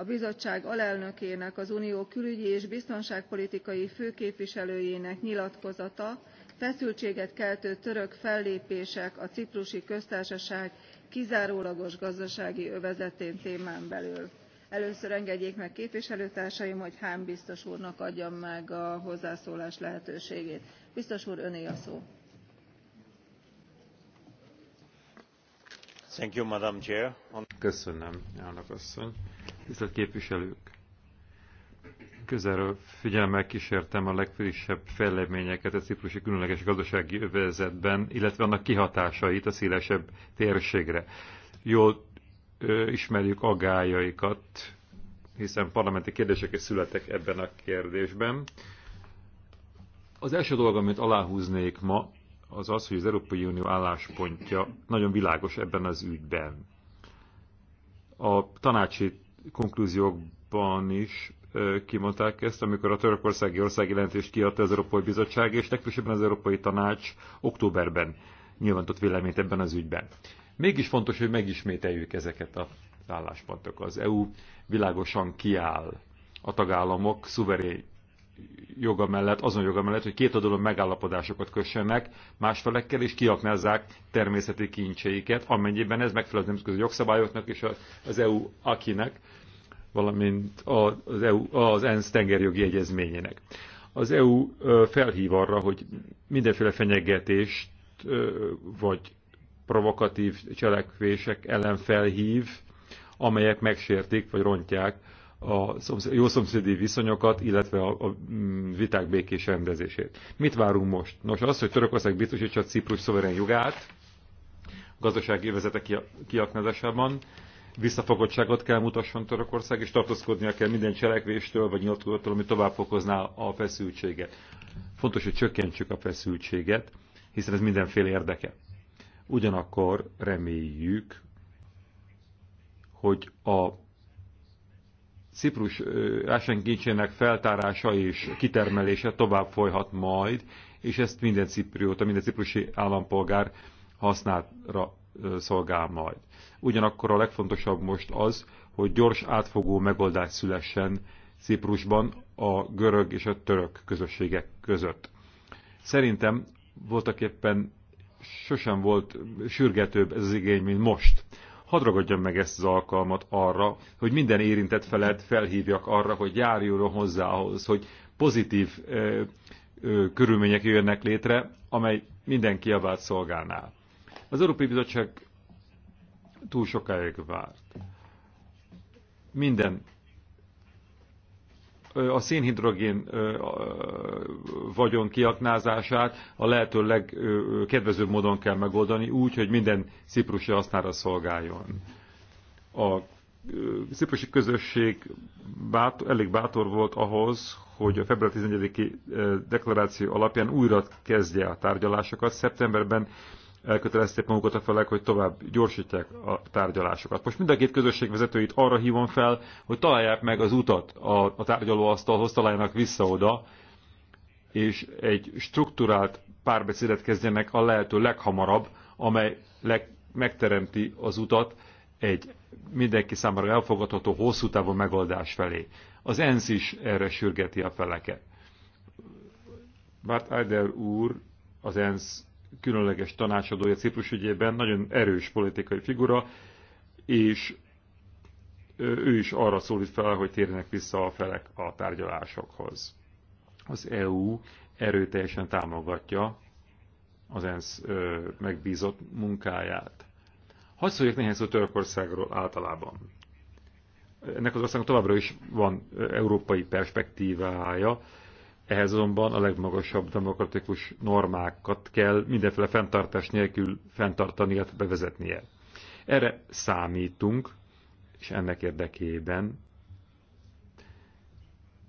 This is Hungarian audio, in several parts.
a bizottság alelnökének az unió külügyi és biztonságpolitikai főképviselőjének nyilatkozata feszültséget keltő török fellépések a ciprusi köztársaság kizárólagos gazdasági övezetén témán belül. először engedjék meg képviselőtársaim hogy hahn biztos úrnak adjam meg a hozzászólás lehetőségét. biztos úr öné a szó. Köszönöm, elnök asszony tisztelt képviselők! Közelről figyelemmel kísértem a legfrissebb fejleményeket a ciprusi különleges gazdasági övezetben, illetve annak kihatásait a szélesebb térségre. Jól ö, ismerjük agályaikat, hiszen parlamenti kérdések is születek ebben a kérdésben. Az első dolog, amit aláhúznék ma, az az, hogy az Európai Unió álláspontja nagyon világos ebben az ügyben. A tanácsi konklúziókban is kimondták ezt, amikor a törökországi országjelentést kiadta az Európai Bizottság, és legfősebben az Európai Tanács októberben nyilvántott véleményt ebben az ügyben. Mégis fontos, hogy megismételjük ezeket a álláspontokat. Az EU világosan kiáll a tagállamok szuverén joga mellett, azon joga mellett, hogy két oldalon megállapodásokat kössenek másfelekkel, és kiaknázzák természeti kincseiket, amennyiben ez megfelel az nemzetközi jogszabályoknak és az EU akinek, valamint az, EU, az ENSZ tengerjogi egyezményének. Az EU felhív arra, hogy mindenféle fenyegetést vagy provokatív cselekvések ellen felhív, amelyek megsértik vagy rontják a jó szomszédi viszonyokat, illetve a, a mm, viták békés rendezését. Mit várunk most? Nos, az, hogy Törökország biztosítsa a Ciprus szuverén jogát, gazdasági övezetek kiaknázásában, visszafogottságot kell mutasson Törökország, és tartózkodnia kell minden cselekvéstől vagy nyilatkozattól, ami tovább fokozná a feszültséget. Fontos, hogy csökkentsük a feszültséget, hiszen ez mindenféle érdeke. Ugyanakkor reméljük, hogy a Ciprus ásenkincsének feltárása és kitermelése tovább folyhat majd, és ezt minden ciprióta, minden ciprusi állampolgár használra szolgál majd. Ugyanakkor a legfontosabb most az, hogy gyors átfogó megoldás szülessen Ciprusban a görög és a török közösségek között. Szerintem voltak éppen sosem volt sürgetőbb ez az igény, mint most hadd ragadjam meg ezt az alkalmat arra, hogy minden érintett felet felhívjak arra, hogy járjon hozzá ahhoz, hogy pozitív ö, ö, körülmények jöjjenek létre, amely minden kiabát szolgálná. Az Európai Bizottság túl sokáig várt. Minden a szénhidrogén vagyon kiaknázását a lehető legkedvezőbb módon kell megoldani, úgy, hogy minden ciprusi hasznára szolgáljon. A ciprusi közösség bátor, elég bátor volt ahhoz, hogy a február 11-i deklaráció alapján újra kezdje a tárgyalásokat. Szeptemberben elkötelezték magukat a felek, hogy tovább gyorsítják a tárgyalásokat. Most mind a két közösség vezetőit arra hívom fel, hogy találják meg az utat a, a tárgyalóasztalhoz, találjanak vissza oda, és egy strukturált párbeszédet kezdjenek a lehető leghamarabb, amely leg, megteremti az utat egy mindenki számára elfogadható hosszú távú megoldás felé. Az ENSZ is erre sürgeti a feleket. Bart Eider úr, az ENSZ különleges tanácsadója Ciprus ügyében, nagyon erős politikai figura, és ő is arra szólít fel, hogy térjenek vissza a felek a tárgyalásokhoz. Az EU erőteljesen támogatja az ENSZ megbízott munkáját. Hadd szóljak néhány szó Törökországról általában. Ennek az országnak továbbra is van európai perspektívája, ehhez azonban a legmagasabb demokratikus normákat kell mindenféle fenntartás nélkül fenntartani, illetve bevezetnie. Erre számítunk, és ennek érdekében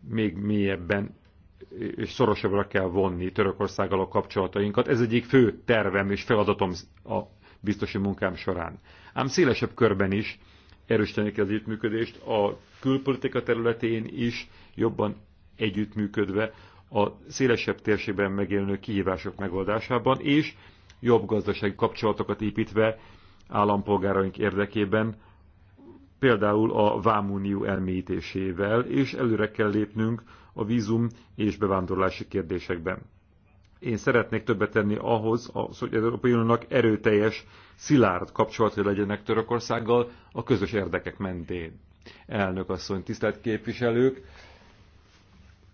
még mélyebben és szorosabbra kell vonni Törökországgal a kapcsolatainkat. Ez egyik fő tervem és feladatom a biztosi munkám során. Ám szélesebb körben is erősíteni kell az együttműködést, a külpolitika területén is jobban együttműködve a szélesebb térségben megélő kihívások megoldásában, és jobb gazdasági kapcsolatokat építve állampolgáraink érdekében, például a Vámunió elmélyítésével, és előre kell lépnünk a vízum és bevándorlási kérdésekben. Én szeretnék többet tenni ahhoz, hogy az Európai Uniónak erőteljes, szilárd kapcsolatai legyenek Törökországgal a közös érdekek mentén. Elnök asszony, tisztelt képviselők!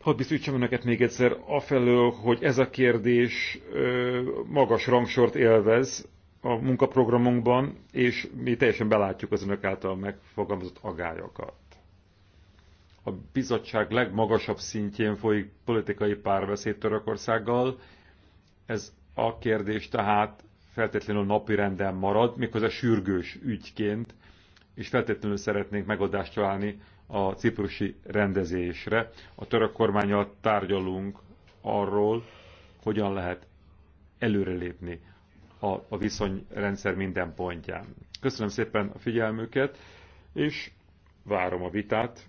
Hadd biztosítsam önöket még egyszer afelől, hogy ez a kérdés magas rangsort élvez a munkaprogramunkban, és mi teljesen belátjuk az önök által megfogalmazott agályokat. A bizottság legmagasabb szintjén folyik politikai párbeszéd Törökországgal. Ez a kérdés tehát feltétlenül napi renden marad, miközben sürgős ügyként, és feltétlenül szeretnénk megoldást találni a ciprusi rendezésre. A török kormányal tárgyalunk arról, hogyan lehet előrelépni a, a viszonyrendszer minden pontján. Köszönöm szépen a figyelmüket, és várom a vitát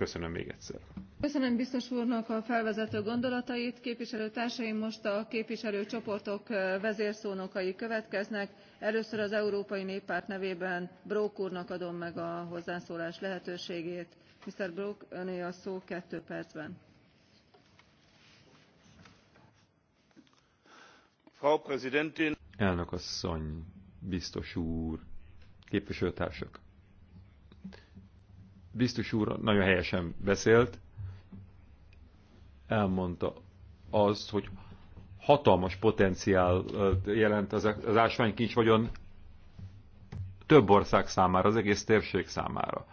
Köszönöm még egyszer. Köszönöm biztos úrnak a felvezető gondolatait. Képviselőtársaim most a képviselőcsoportok vezérszónokai következnek. Először az Európai Néppárt nevében Brók úrnak adom meg a hozzászólás lehetőségét. Mr. Brók, öné a szó kettő percben. Frau Präsidentin! Elnök asszony, biztos úr, képviselőtársak! biztos úr nagyon helyesen beszélt, elmondta azt, hogy hatalmas potenciál jelent az, ásványkincs vagyon több ország számára, az egész térség számára.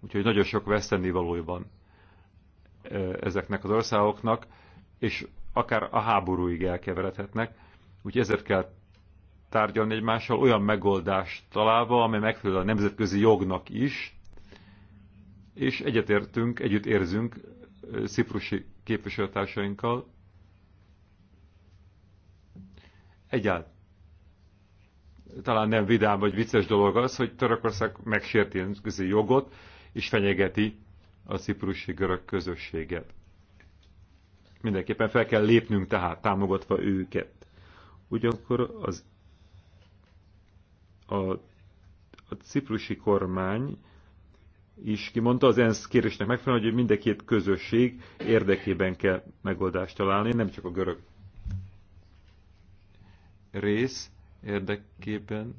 Úgyhogy nagyon sok vesztenivalója van ezeknek az országoknak, és akár a háborúig elkeveredhetnek. Úgyhogy ezért kell tárgyalni egymással olyan megoldást találva, amely megfelel a nemzetközi jognak is, és egyetértünk, együtt érzünk ciprusi képviselőtársainkkal. Egyáltalán talán nem vidám vagy vicces dolog az, hogy Törökország megsérti a jogot, és fenyegeti a ciprusi görög közösséget. Mindenképpen fel kell lépnünk tehát, támogatva őket. Ugyanakkor az a, a ciprusi kormány is kimondta, az ENSZ kérésnek megfelelően, hogy mind közösség érdekében kell megoldást találni, nem csak a görög rész érdekében,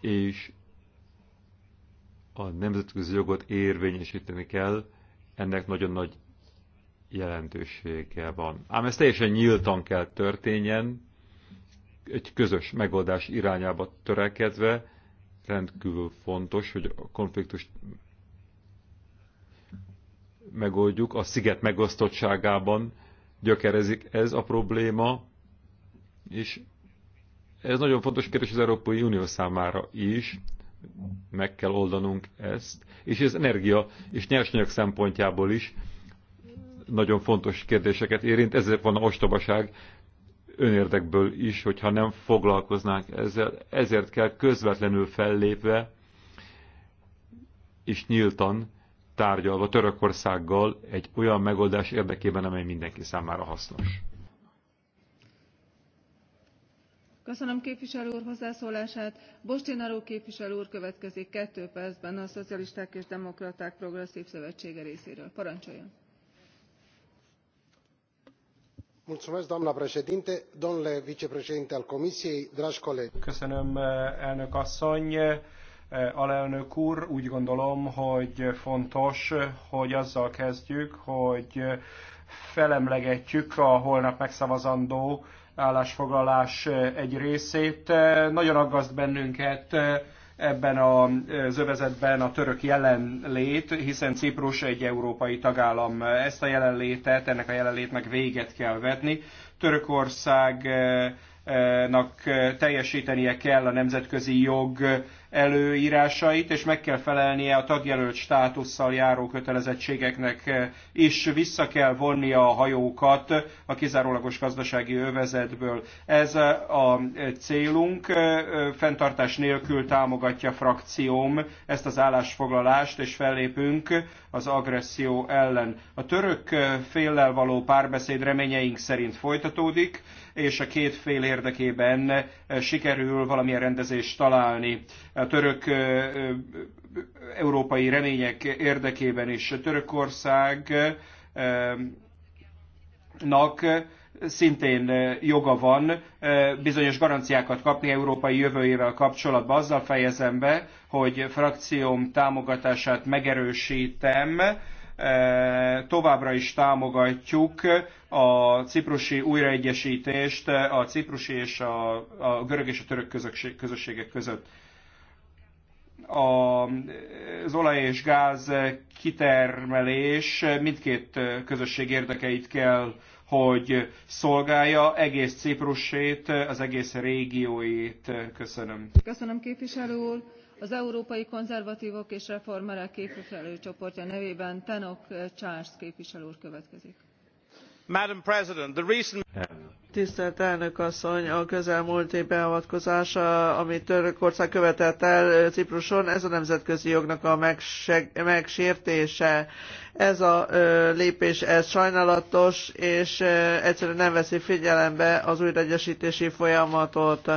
és a nemzetközi jogot érvényesíteni kell, ennek nagyon nagy jelentősége van. Ám ez teljesen nyíltan kell történjen, egy közös megoldás irányába törekedve, rendkívül fontos, hogy a konfliktust megoldjuk. A sziget megosztottságában gyökerezik ez a probléma, és ez nagyon fontos kérdés az Európai Unió számára is, meg kell oldanunk ezt, és ez energia és nyersanyag szempontjából is nagyon fontos kérdéseket érint, ezért van a ostobaság önérdekből is, hogyha nem foglalkoznánk ezzel. Ezért kell közvetlenül fellépve és nyíltan tárgyalva Törökországgal egy olyan megoldás érdekében, amely mindenki számára hasznos. Köszönöm képviselő úr hozzászólását. Bostinaró képviselő úr következik kettő percben a Szocialisták és Demokraták Progresszív Szövetsége részéről. Parancsoljon! doamnă președintă domnule vicepreședinte al comisiei dragi colegi köszönöm elnök asszony alelnök úr úgy gondolom hogy fontos hogy azzal kezdjük hogy felemlegetjük a holnap megszavazandó állásfoglalás egy részét nagyon aggaszt bennünket ebben a övezetben a török jelenlét, hiszen Ciprus egy európai tagállam. Ezt a jelenlétet, ennek a jelenlétnek véget kell vetni. Törökországnak eh, eh, eh, teljesítenie kell a nemzetközi jog előírásait, és meg kell felelnie a tagjelölt státusszal járó kötelezettségeknek is vissza kell vonnia a hajókat a kizárólagos gazdasági övezetből. Ez a célunk, fenntartás nélkül támogatja frakcióm ezt az állásfoglalást, és fellépünk az agresszió ellen. A török féllel való párbeszéd reményeink szerint folytatódik, és a két fél érdekében eh, sikerül valamilyen rendezést találni. A török eh, eh, európai remények érdekében is Törökországnak szintén joga van bizonyos garanciákat kapni európai jövőjével kapcsolatban. Azzal fejezem be, hogy frakcióm támogatását megerősítem, E, továbbra is támogatjuk a ciprusi újraegyesítést a ciprusi és a, a görög és a török közösségek között. A, az olaj és gáz kitermelés mindkét közösség érdekeit kell, hogy szolgálja egész Ciprusét, az egész régióit. Köszönöm. Köszönöm képviselő úr az európai konzervatvok és reformerek képviselőcsoportja nevében tannock charles képviselő úr következik. Tisztelt elnök asszony, a közelmúlti beavatkozása, amit Törökország követett el Cipruson, ez a nemzetközi jognak a megsértése. Ez a lépés, ez sajnálatos, és egyszerűen nem veszi figyelembe az újraegyesítési folyamatot.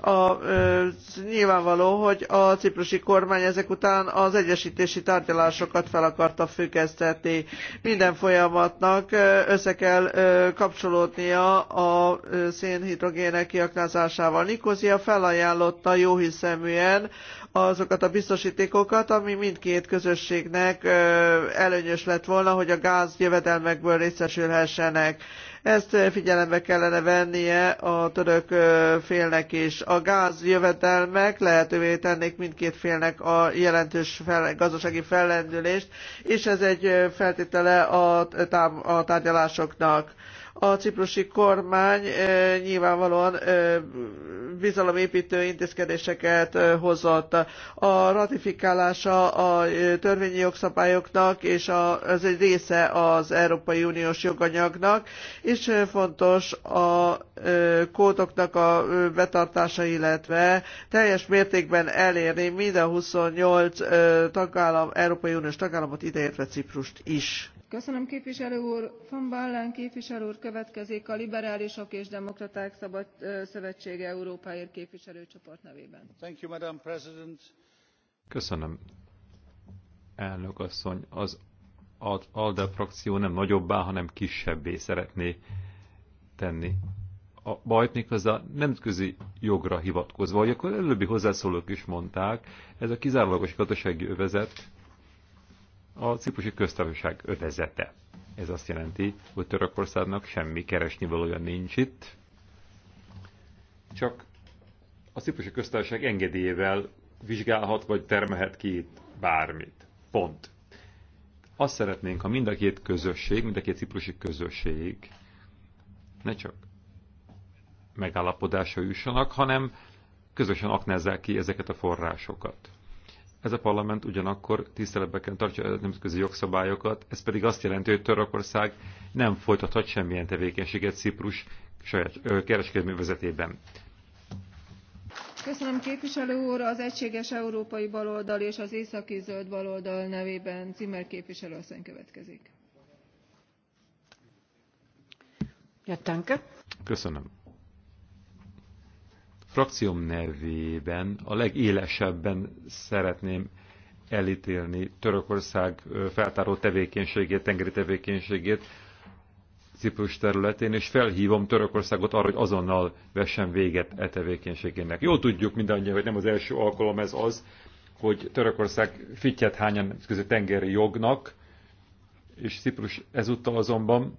A, ö, nyilvánvaló, hogy a ciprusi kormány ezek után az egyesítési tárgyalásokat fel akarta függesztetni. Minden folyamatnak össze kell ö, kapcsolódnia a a szénhidrogének kiaknázásával. Nikozia felajánlotta jóhiszeműen azokat a biztosítékokat, ami mindkét közösségnek előnyös lett volna, hogy a gáz jövedelmekből részesülhessenek. Ezt figyelembe kellene vennie a török félnek is. A gáz jövedelmek lehetővé tennék mindkét félnek a jelentős fel, gazdasági fellendülést, és ez egy feltétele a, a tárgyalásoknak. A ciprusi kormány eh, nyilvánvalóan eh, bizalomépítő intézkedéseket eh, hozott. A ratifikálása a törvényi jogszabályoknak, és az ez egy része az Európai Uniós joganyagnak, és fontos a kódoknak a betartása, illetve teljes mértékben elérni minden 28 tagállam, Európai Uniós tagállamot, ideértve Ciprust is köszönöm képviselő úr! van baalen képviselő úr következik a liberálisok és demokraták szövetsége európáért képviselőcsoport nevében. köszönöm elnök asszony az alde frakció nem nagyobbá hanem kisebbé szeretné tenni a bajt méghozzá nemzetközi jogra hivatkozva, hogy akkor előbbi hozzászólók is mondták, ez a kizárólagos gazdasági övezet a ciprusi köztársaság övezete. Ez azt jelenti, hogy Törökországnak semmi keresnivalója nincs itt, csak a ciprusi köztársaság engedélyével vizsgálhat vagy termelhet ki itt bármit. Pont. Azt szeretnénk, ha mind a két közösség, mind a két ciprusi közösség ne csak megállapodásra jussanak, hanem közösen aknázzák ki ezeket a forrásokat. Ez a parlament ugyanakkor tiszteletben tartja a nemzetközi jogszabályokat, ez pedig azt jelenti, hogy Törökország nem folytathat semmilyen tevékenységet Ciprus saját kereskedelmi vezetében. Köszönöm képviselő úr, az Egységes Európai Baloldal és az Északi Zöld Baloldal nevében Cimmer képviselő asszony következik. Köszönöm frakcióm nevében a legélesebben szeretném elítélni Törökország feltáró tevékenységét, tengeri tevékenységét Ciprus területén, és felhívom Törökországot arra, hogy azonnal vessen véget e tevékenységének. Jól tudjuk mindannyian, hogy nem az első alkalom ez az, hogy Törökország fittyet hányan közé tengeri jognak, és Ciprus ezúttal azonban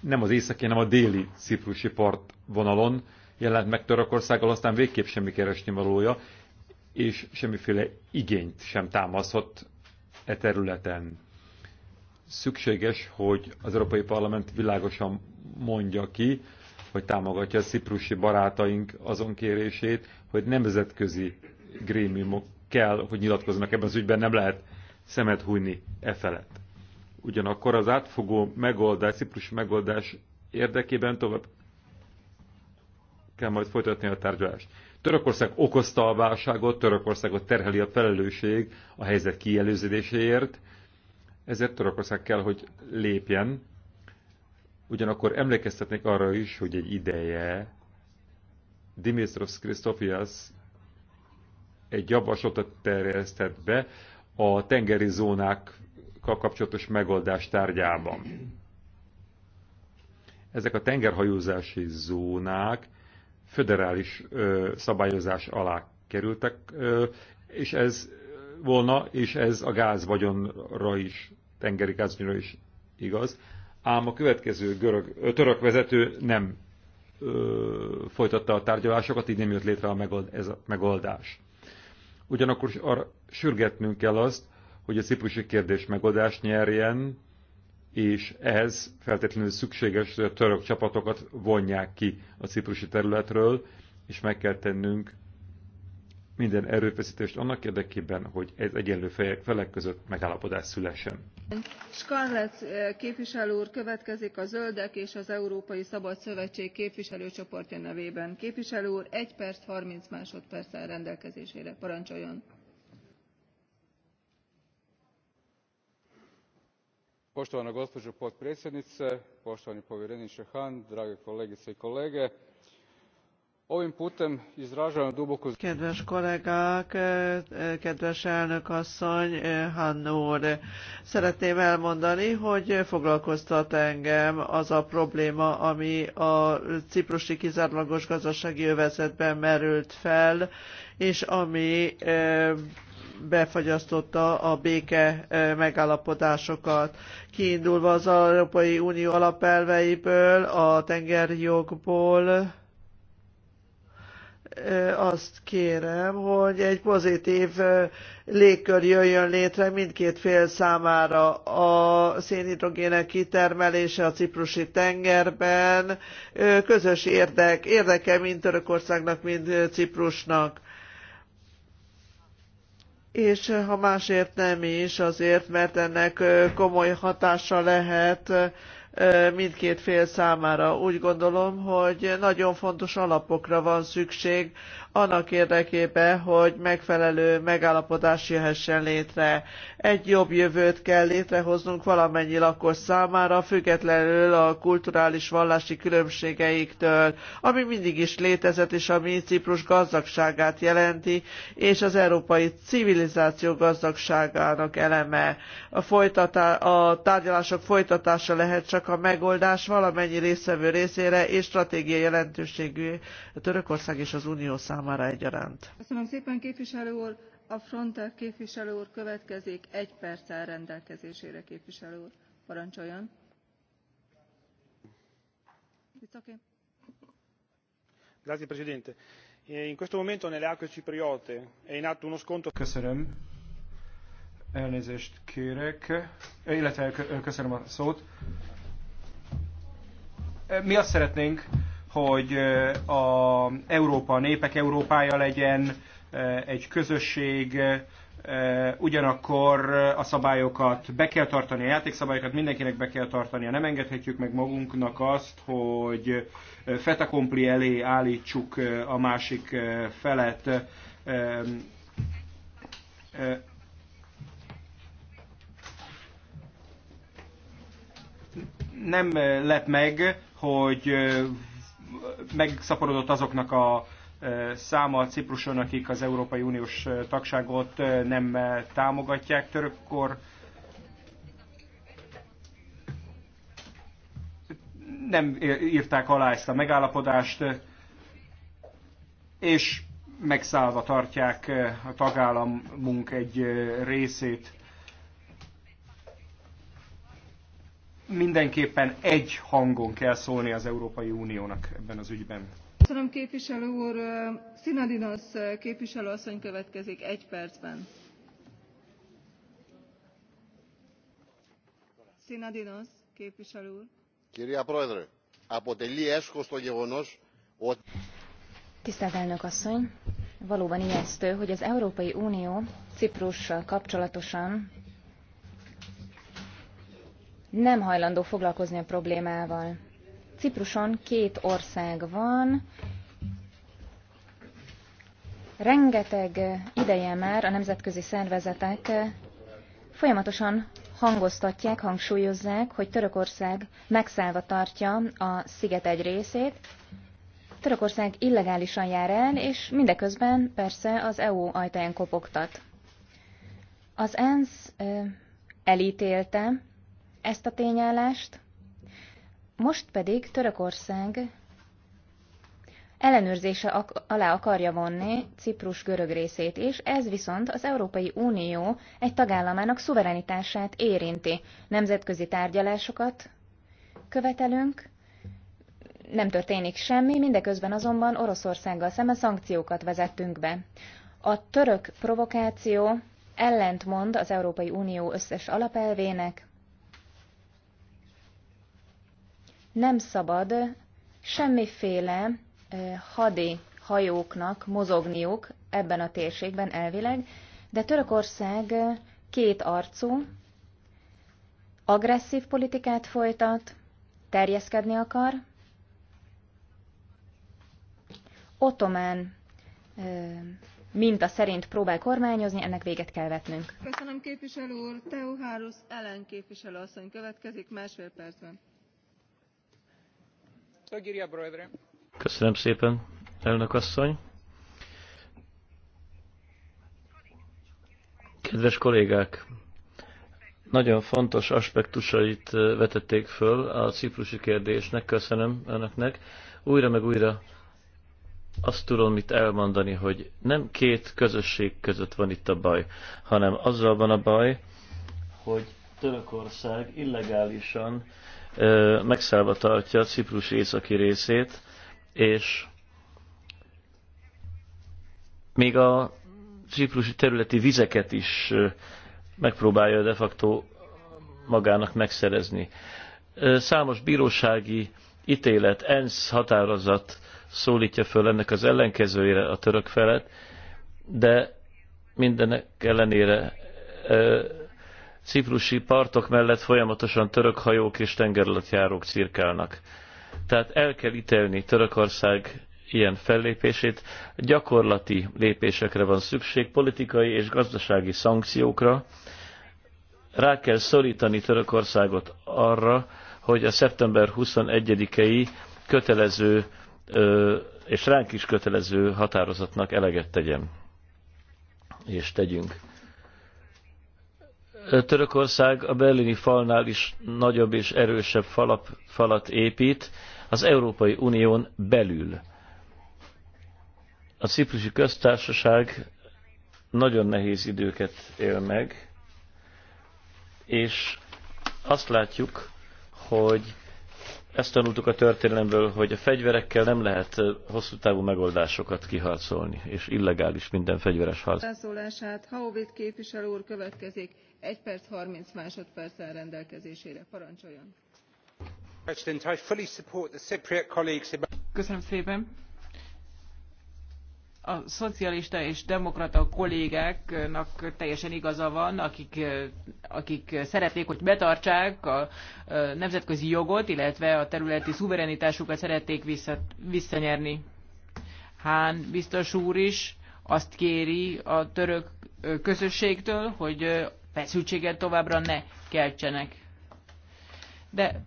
nem az északi, hanem a déli ciprusi partvonalon jelent meg Törökországgal, aztán végképp semmi keresni valója, és semmiféle igényt sem támaszott e területen. Szükséges, hogy az Európai Parlament világosan mondja ki, hogy támogatja a ciprusi barátaink azon kérését, hogy nemzetközi grémiumok kell, hogy nyilatkoznak ebben az ügyben, nem lehet szemet hújni e felett. Ugyanakkor az átfogó megoldás, ciprusi megoldás érdekében tovább kell majd folytatni a tárgyalást. Törökország okozta a válságot, Törökországot terheli a felelősség a helyzet kielőződéséért, ezért Törökország kell, hogy lépjen. Ugyanakkor emlékeztetnék arra is, hogy egy ideje Dimitrovs Krisztofias egy javaslatot terjesztett be a tengeri zónákkal kapcsolatos megoldás tárgyában. Ezek a tengerhajózási zónák föderális szabályozás alá kerültek, és ez volna, és ez a gázvagyonra is, tengeri gázvagyonra is igaz. Ám a következő görög, török vezető nem folytatta a tárgyalásokat, így nem jött létre a megold, ez a megoldás. Ugyanakkor arra sürgetnünk kell azt, hogy a ciprusi kérdés megoldást nyerjen, és ehhez feltétlenül szükséges, hogy a török csapatokat vonják ki a ciprusi területről, és meg kell tennünk minden erőfeszítést annak érdekében, hogy ez egyenlő felek között megállapodás szülessen. Skarlet eh, képviselő úr következik a Zöldek és az Európai Szabad Szövetség képviselőcsoportja nevében. Képviselő úr 1 perc 30 másodperccel rendelkezésére. Parancsoljon! poštovana gospođo potpredsjednice poštovani povjereniče hahn drage kolegice i kolege ovim putem izražavam duboku Kedves kedves asszony, szeretném elmondani, hogy foglalkoztat engem az a probléma, ami a ciprusi kizárólagos gazdasági övezetben merült fel, és ami eh, befagyasztotta a béke megállapodásokat. Kiindulva az Európai Unió alapelveiből, a tengeri jogból, azt kérem, hogy egy pozitív légkör jöjjön létre mindkét fél számára. A szénhidrogének kitermelése a ciprusi tengerben közös érdek, érdeke mind Törökországnak, mind Ciprusnak és eh, ha másért nem is, azért, mert ennek eh, komoly hatása lehet eh, mindkét fél számára. Úgy gondolom, hogy nagyon fontos alapokra van szükség annak érdekében, hogy megfelelő megállapodás jöhessen létre. Egy jobb jövőt kell létrehoznunk valamennyi lakos számára, függetlenül a kulturális vallási különbségeiktől, ami mindig is létezett, és ami Ciprus gazdagságát jelenti, és az európai civilizáció gazdagságának eleme. A, folytatá, a tárgyalások folytatása lehet csak a megoldás valamennyi részvevő részére, és stratégiai jelentőségű Törökország és az Unió számára számára egyaránt. Köszönöm szépen képviselő úr! A Frontex képviselő úr következik, egy perc rendelkezésére képviselő úr. Parancsoljon! Grazie Presidente. E in questo momento nelle acque cipriote è in atto uno scontro... Köszönöm. Elnézést kérek, e, illetve köszönöm a szót. E, mi azt szeretnénk, hogy a Európa a népek Európája legyen, egy közösség, ugyanakkor a szabályokat be kell tartani, a játékszabályokat mindenkinek be kell tartania. Nem engedhetjük meg magunknak azt, hogy fetakompli elé állítsuk a másik felet. Nem lep meg, hogy megszaporodott azoknak a e, száma a Cipruson, akik az Európai Uniós e, tagságot e, nem támogatják. Törökkor nem írták alá ezt a megállapodást, és megszállva tartják a tagállamunk egy részét. mindenképpen egy hangon kell szólni az Európai Uniónak ebben az ügyben. Köszönöm képviselő úr. képviselő asszony következik egy percben. Sinadinos képviselő úr. Κυρία Proedre, αποτελεί έσχος το γεγονός Tisztelt elnök asszony, valóban ijesztő, hogy az Európai Unió Ciprussal kapcsolatosan nem hajlandó foglalkozni a problémával. Cipruson két ország van, rengeteg ideje már a nemzetközi szervezetek folyamatosan hangoztatják, hangsúlyozzák, hogy Törökország megszállva tartja a sziget egy részét. Törökország illegálisan jár el, és mindeközben persze az EU ajtaján kopogtat. Az ENSZ elítélte ezt a tényállást, most pedig Törökország ellenőrzése alá akarja vonni Ciprus görög részét is, ez viszont az Európai Unió egy tagállamának szuverenitását érinti. Nemzetközi tárgyalásokat követelünk, nem történik semmi, mindeközben azonban Oroszországgal szemben szankciókat vezettünk be. A török provokáció ellentmond az Európai Unió összes alapelvének, nem szabad semmiféle hadi hajóknak mozogniuk ebben a térségben elvileg, de Törökország két arcú, agresszív politikát folytat, terjeszkedni akar, ottomán minta szerint próbál kormányozni, ennek véget kell vetnünk. Köszönöm képviselő úr, Teuháros. ellen képviselő asszony következik másfél percben. Köszönöm szépen, elnök asszony. Kedves kollégák, nagyon fontos aspektusait eh, vetették föl a ciprusi kérdésnek, köszönöm önöknek. Újra meg újra azt tudom mit elmondani, hogy nem két közösség között van itt a baj, hanem azzal van a baj, hogy Törökország illegálisan megszállva tartja Ciprus északi részét, és még a ciprusi területi vizeket is megpróbálja de facto magának megszerezni. Számos bírósági ítélet, ENSZ határozat szólítja föl ennek az ellenkezőjére a török felet, de mindenek ellenére ciprusi partok mellett folyamatosan török hajók és tengeralattjárók cirkálnak. Tehát el kell ítélni Törökország ilyen fellépését. Gyakorlati lépésekre van szükség, politikai és gazdasági szankciókra. Rá kell szorítani Törökországot arra, hogy a szeptember 21-i kötelező és ránk is kötelező határozatnak eleget tegyen és tegyünk. Törökország a berlini falnál is nagyobb és erősebb falap, falat épít az Európai Unión belül. A ciprusi köztársaság nagyon nehéz időket él meg, és azt látjuk, hogy ezt tanultuk a történelemből, hogy a fegyverekkel nem lehet hosszú távú megoldásokat kiharcolni, és illegális minden fegyveres harc. Felszólását Haubit képviselő úr következik. 1 perc 30 másodperc rendelkezésére. Parancsoljon! Köszönöm szépen! a szocialista és demokrata kollégáknak teljesen igaza van, akik, akik szeretnék, hogy betartsák a nemzetközi jogot, illetve a területi szuverenitásukat szeretnék vissza, visszanyerni. Hán biztos úr is azt kéri a török közösségtől, hogy feszültséget továbbra ne keltsenek. De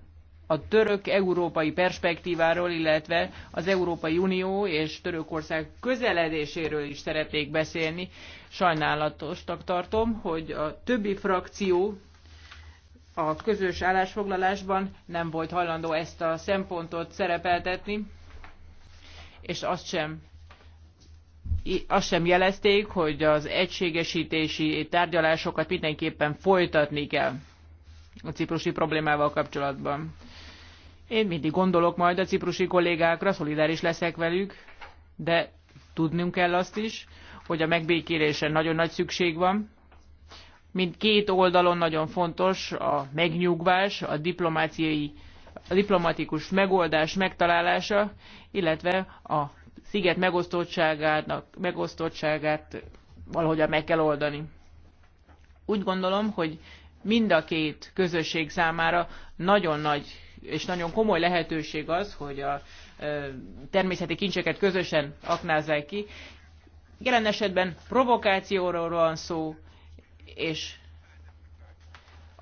a török-európai perspektíváról, illetve az Európai Unió és Törökország közeledéséről is szeretnék beszélni. Sajnálatosnak tartom, hogy a többi frakció a közös állásfoglalásban nem volt hajlandó ezt a szempontot szerepeltetni, és azt sem azt sem jelezték, hogy az egységesítési tárgyalásokat mindenképpen folytatni kell a ciprusi problémával kapcsolatban. Én mindig gondolok majd a ciprusi kollégákra, szolidáris leszek velük, de tudnunk kell azt is, hogy a megbékélésre nagyon nagy szükség van. Mind két oldalon nagyon fontos a megnyugvás, a diplomáciai, a diplomatikus megoldás megtalálása, illetve a sziget megosztottságának, megosztottságát valahogy meg kell oldani. Úgy gondolom, hogy mind a két közösség számára nagyon nagy és nagyon komoly lehetőség az, hogy a természeti kincseket közösen aknázzák ki. Jelen esetben provokációról van szó, és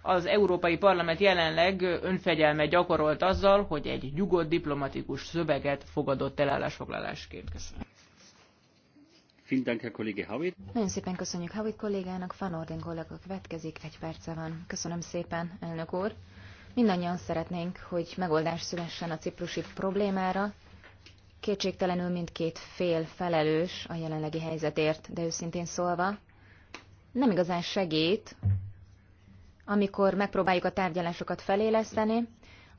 az Európai Parlament jelenleg önfegyelme gyakorolt azzal, hogy egy nyugodt diplomatikus szöveget fogadott elállásfoglalásként. Köszönöm. Nagyon szépen köszönjük Howitt kollégának, Van Orden kollega következik, egy perce van. Köszönöm szépen, elnök úr. Mindannyian szeretnénk, hogy megoldás szülessen a ciprusi problémára. Kétségtelenül mindkét fél felelős a jelenlegi helyzetért, de őszintén szólva, nem igazán segít, amikor megpróbáljuk a tárgyalásokat feléleszteni,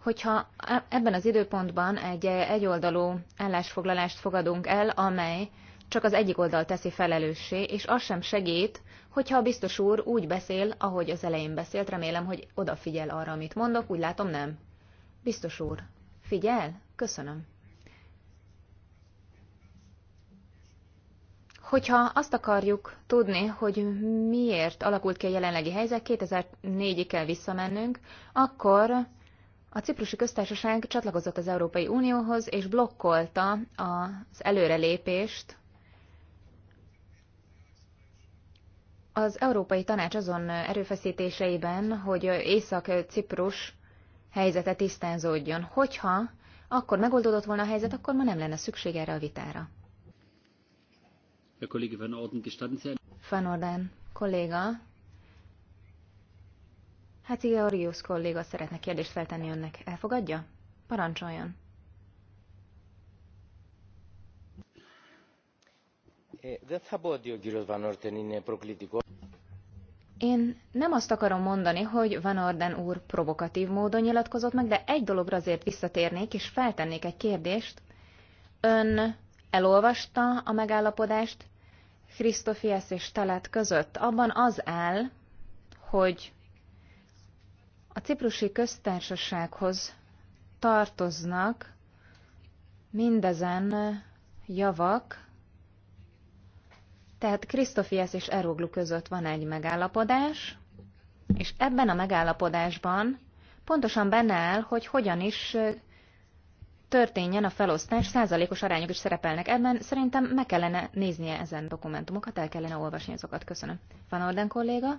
hogyha e- ebben az időpontban egy egyoldalú állásfoglalást fogadunk el, amely csak az egyik oldal teszi felelőssé, és az sem segít, hogyha a biztos úr úgy beszél, ahogy az elején beszélt, remélem, hogy odafigyel arra, amit mondok, úgy látom nem. Biztos úr, figyel? Köszönöm. Hogyha azt akarjuk tudni, hogy miért alakult ki a jelenlegi helyzet, 2004-ig kell visszamennünk, akkor a ciprusi köztársaság csatlakozott az Európai Unióhoz, és blokkolta az előrelépést Az Európai Tanács azon erőfeszítéseiben, hogy Észak-Ciprus helyzete tisztázódjon. Hogyha akkor megoldódott volna a helyzet, akkor ma nem lenne szükség erre a vitára. Van kolléga, hát Georgius kolléga szeretne kérdést feltenni önnek. Elfogadja? Parancsoljon. Δεν θα πω ότι ο κύριος Βανόρτεν είναι προκλητικός. Én nem azt akarom mondani, hogy Van Orden úr provokatív módon nyilatkozott meg, de egy dologra azért visszatérnék, és feltennék egy kérdést. Ön elolvasta a megállapodást Christofias és Telet között. Abban az áll, hogy a ciprusi köztársasághoz tartoznak mindezen javak, tehát Krisztofiasz és Eroglu között van egy megállapodás, és ebben a megállapodásban pontosan benne áll, hogy hogyan is történjen a felosztás, százalékos arányok is szerepelnek ebben. Szerintem meg kellene néznie ezen dokumentumokat, el kellene olvasni azokat. Köszönöm. Van Orden kolléga?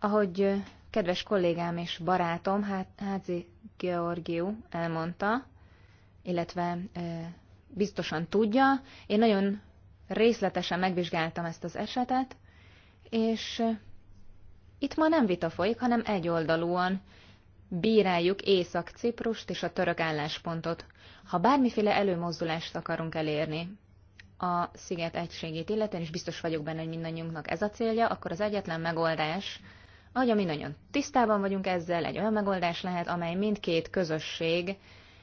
Ahogy kedves kollégám és barátom, Házi Georgiú elmondta, illetve biztosan tudja. Én nagyon részletesen megvizsgáltam ezt az esetet, és itt ma nem vita folyik, hanem egyoldalúan bíráljuk Észak-Ciprust és a török álláspontot. Ha bármiféle előmozdulást akarunk elérni a sziget egységét illetően, és biztos vagyok benne, hogy mindannyiunknak ez a célja, akkor az egyetlen megoldás, ahogy nagyon tisztában vagyunk ezzel, egy olyan megoldás lehet, amely mindkét közösség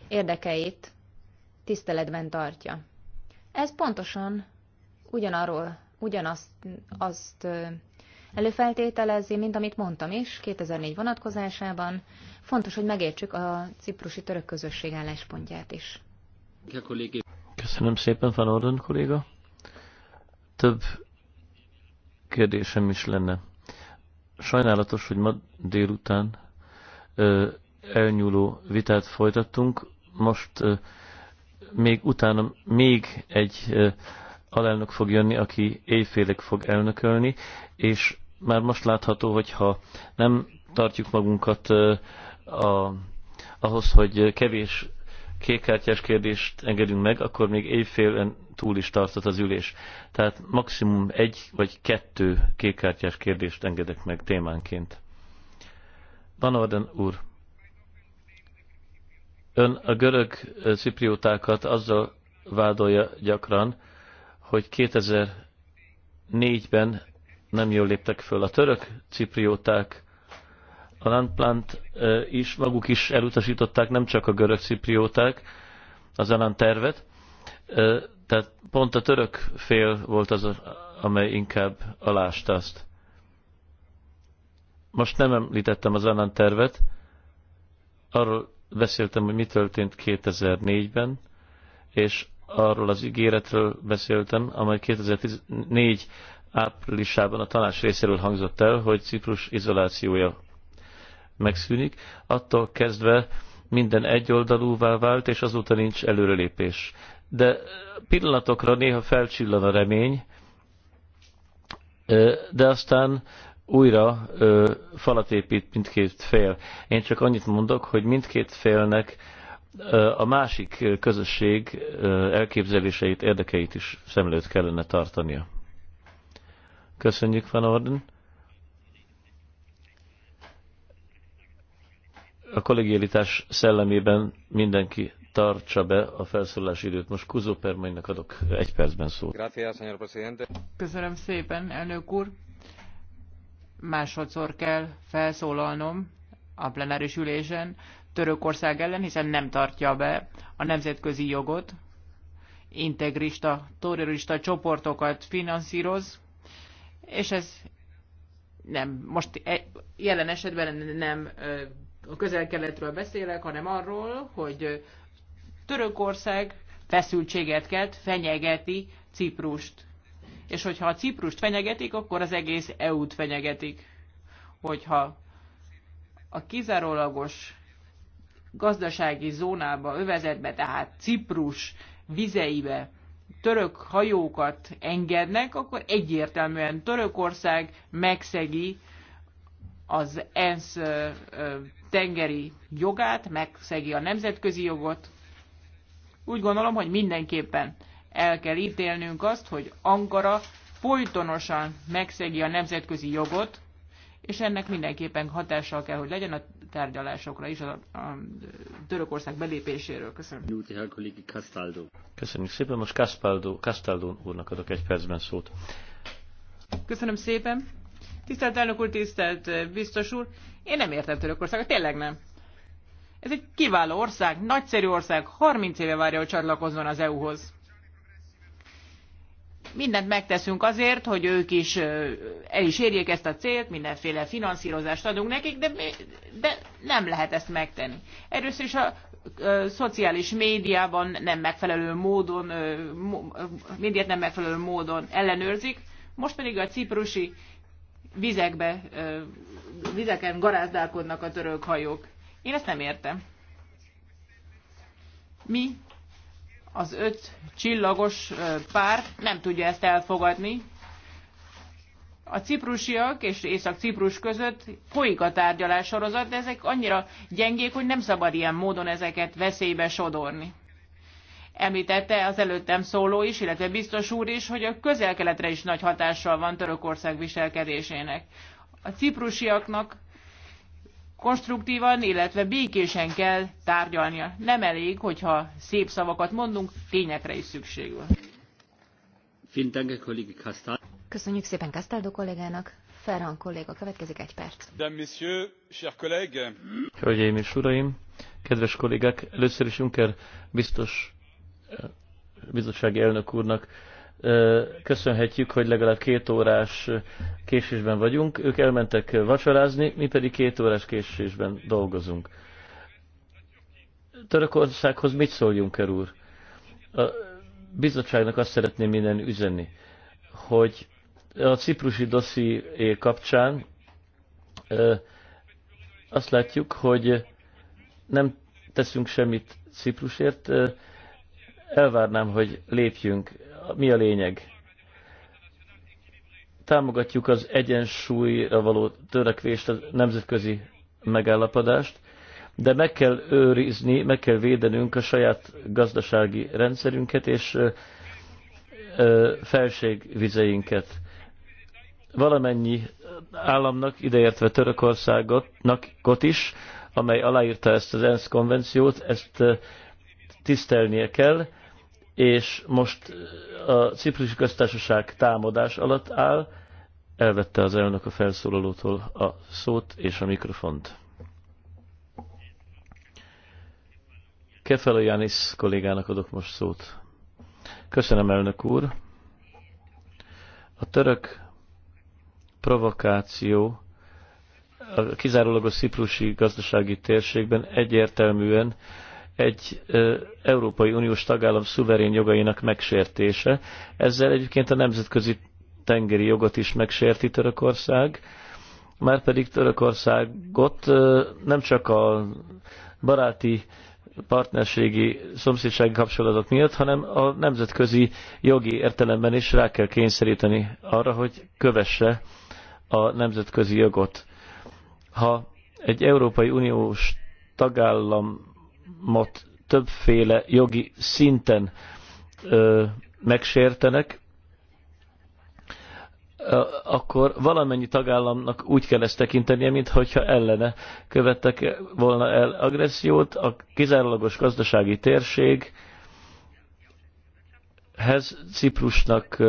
érdekeit tiszteletben tartja. Ez pontosan ugyanarról, ugyanazt azt előfeltételezi, mint amit mondtam is 2004 vonatkozásában. Fontos, hogy megértsük a ciprusi török közösség álláspontját is. Köszönöm szépen, Van Orden kolléga. Több kérdésem is lenne. Sajnálatos, hogy ma délután ö, elnyúló vitát folytattunk. Most ö, még utána még egy alelnök fog jönni, aki éjfélig fog elnökölni, és már most látható, hogy ha nem tartjuk magunkat a, ahhoz, hogy kevés kékkártyás kérdést engedünk meg, akkor még éjfélen túl is tartott az ülés. Tehát maximum egy vagy kettő kékkártyás kérdést engedek meg témánként. Van Orden úr! Ön a görög cipriótákat azzal vádolja gyakran, hogy 2004-ben nem jól léptek föl. A török ciprióták, a Landplant is, maguk is elutasították, nem csak a görög ciprióták az ellen tervet. Tehát pont a török fél volt az, amely inkább alást azt. Most nem említettem az ellen tervet, arról beszéltem, hogy mi történt 2004-ben, és arról az ígéretről beszéltem, amely 2014 áprilisában a tanács részéről hangzott el, hogy Ciprus izolációja megszűnik. Attól kezdve minden egyoldalúvá vált, és azóta nincs előrelépés. De pillanatokra néha felcsillan a remény, de aztán újra ö, falat épít mindkét fél. Én csak annyit mondok, hogy mindkét félnek ö, a másik közösség ö, elképzeléseit, érdekeit is szemlőt kellene tartania. Köszönjük, Van Orden. A kollégialitás szellemében mindenki tartsa be a felszólalási időt. Most Kuzó Permainnak adok egy percben szót. Köszönöm szépen, elnök úr másodszor kell felszólalnom a plenáris ülésen Törökország ellen, hiszen nem tartja be a nemzetközi jogot, integrista, terrorista csoportokat finanszíroz, és ez nem, most e, jelen esetben nem a közel-keletről beszélek, hanem arról, hogy Törökország feszültséget kelt, fenyegeti Ciprust és hogyha a Ciprust fenyegetik, akkor az egész EU-t fenyegetik. Hogyha a kizárólagos gazdasági zónába, övezetbe, tehát Ciprus vizeibe török hajókat engednek, akkor egyértelműen Törökország megszegi az ENSZ tengeri jogát, megszegi a nemzetközi jogot. Úgy gondolom, hogy mindenképpen el kell ítélnünk azt, hogy Ankara folytonosan megszegi a nemzetközi jogot, és ennek mindenképpen hatással kell, hogy legyen a tárgyalásokra is a, a Törökország belépéséről. Köszönöm. Köszönjük szépen. Most Castaldo, úrnak adok egy percben szót. Köszönöm szépen. Tisztelt elnök úr, tisztelt biztos úr, én nem értem Törökországot, tényleg nem. Ez egy kiváló ország, nagyszerű ország, 30 éve várja, hogy csatlakozzon az EU-hoz mindent megteszünk azért, hogy ők is el is érjék ezt a célt, mindenféle finanszírozást adunk nekik, de, de nem lehet ezt megtenni. Először is a szociális médiában nem megfelelő módon, médiát nem megfelelő módon ellenőrzik, most pedig a ciprusi vizekbe, vizeken garázdálkodnak a török hajók. Én ezt nem értem. Mi az öt csillagos pár nem tudja ezt elfogadni. A ciprusiak és Észak-Ciprus között folyik a tárgyalás sorozat, de ezek annyira gyengék, hogy nem szabad ilyen módon ezeket veszélybe sodorni. Említette az előttem szóló is, illetve biztos úr is, hogy a közel-keletre is nagy hatással van Törökország viselkedésének. A ciprusiaknak konstruktívan, illetve békésen kell tárgyalnia. Nem elég, hogyha szép szavakat mondunk, tényekre is szükség van. Köszönjük szépen Castaldo kollégának. Ferran kolléga, következik egy perc. Hölgyeim és uraim, kedves kollégák, először is Juncker biztos eh, bizottsági elnök úrnak köszönhetjük, hogy legalább két órás késésben vagyunk. Ők elmentek vacsorázni, mi pedig két órás késésben dolgozunk. Törökországhoz mit szóljunk, el úr? A bizottságnak azt szeretném minden üzenni, hogy a ciprusi dosszié kapcsán azt látjuk, hogy nem teszünk semmit Ciprusért. Elvárnám, hogy lépjünk mi a lényeg? Támogatjuk az egyensúlyra való törekvést, a nemzetközi megállapodást, de meg kell őrizni, meg kell védenünk a saját gazdasági rendszerünket és felségvizeinket. Valamennyi államnak, ideértve Törökországot is, amely aláírta ezt az ENSZ konvenciót, ezt tisztelnie kell, és most a ciprusi köztársaság támadás alatt áll, elvette az elnök a felszólalótól a szót és a mikrofont. Kefelo Janis kollégának adok most szót. Köszönöm, elnök úr. A török provokáció a kizárólagos ciprusi gazdasági térségben egyértelműen egy Európai Uniós tagállam szuverén jogainak megsértése. Ezzel egyébként a nemzetközi tengeri jogot is megsérti Törökország, már pedig Törökországot nem csak a baráti partnerségi, szomszédsági kapcsolatok miatt, hanem a nemzetközi jogi értelemben is rá kell kényszeríteni arra, hogy kövesse a nemzetközi jogot. Ha egy Európai Uniós tagállam államot többféle jogi szinten ö, megsértenek, akkor valamennyi tagállamnak úgy kell ezt tekintenie, mintha ellene követtek volna el agressziót, a kizárólagos gazdasági térséghez Ciprusnak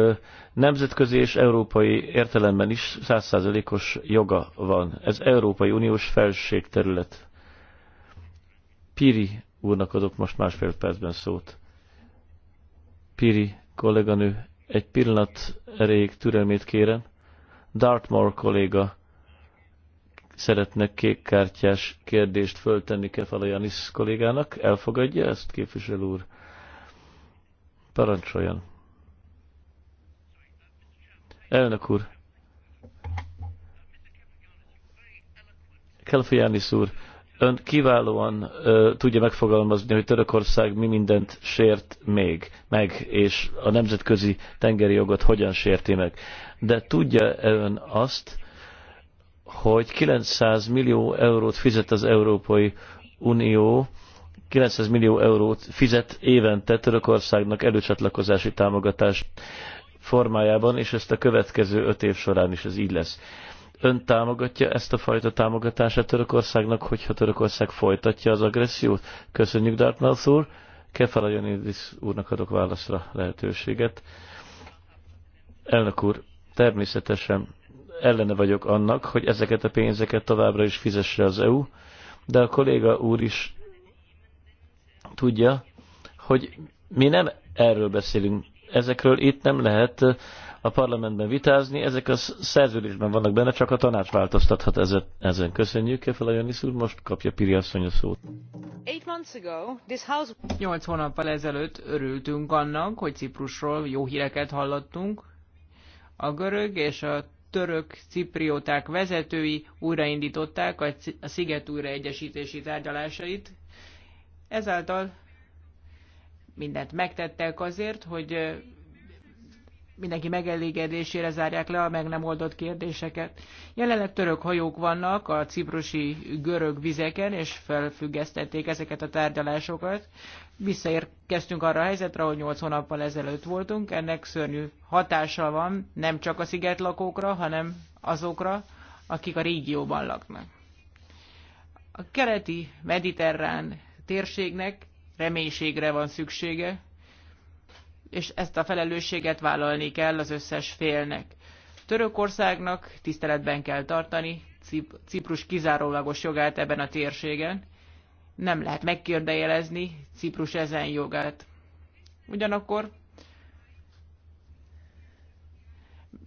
nemzetközi és európai értelemben is százszázalékos joga van. Ez Európai Uniós felségterület. Piri úrnak adok most másfél percben szót. Piri kolléganő, egy pillanat erejéig türelmét kérem. Dartmoor kolléga szeretne kékkártyás kérdést föltenni Kefalajanis kollégának. Elfogadja ezt, képviselő úr? Parancsoljon. Elnök úr. Kelfianis úr ön kiválóan ö, tudja megfogalmazni, hogy Törökország mi mindent sért még meg, és a nemzetközi tengeri jogot hogyan sérti meg. De tudja -e ön azt, hogy 900 millió eurót fizet az Európai Unió, 900 millió eurót fizet évente Törökországnak előcsatlakozási támogatást formájában, és ezt a következő öt év során is ez így lesz ön támogatja ezt a fajta támogatását Törökországnak, hogyha Törökország folytatja az agressziót? Köszönjük, Dartmouth úr. Kefala Janidis úrnak adok válaszra lehetőséget. Elnök úr, természetesen ellene vagyok annak, hogy ezeket a pénzeket továbbra is fizesse az EU, de a kolléga úr is tudja, hogy mi nem erről beszélünk. Ezekről itt nem lehet a parlamentben vitázni, ezek a szerződésben vannak benne, csak a tanács változtathat ezen. ezen. Köszönjük, Kefalajanis úr, most kapja Piri asszony a szót. Nyolc hónappal ezelőtt örültünk annak, hogy Ciprusról jó híreket hallottunk. A görög és a török ciprióták vezetői újraindították a sziget újraegyesítési tárgyalásait. Ezáltal mindent megtettek azért, hogy mindenki megelégedésére zárják le a meg nem oldott kérdéseket. Jelenleg török hajók vannak a ciprusi görög vizeken, és felfüggesztették ezeket a tárgyalásokat. Visszaérkeztünk arra a helyzetre, hogy 8 hónappal ezelőtt voltunk. Ennek szörnyű hatása van nem csak a sziget lakókra, hanem azokra, akik a régióban laknak. A keleti mediterrán térségnek reménységre van szüksége, és ezt a felelősséget vállalni kell az összes félnek. Törökországnak tiszteletben kell tartani Ciprus kizárólagos jogát ebben a térségen. Nem lehet megkérdejelezni Ciprus ezen jogát. Ugyanakkor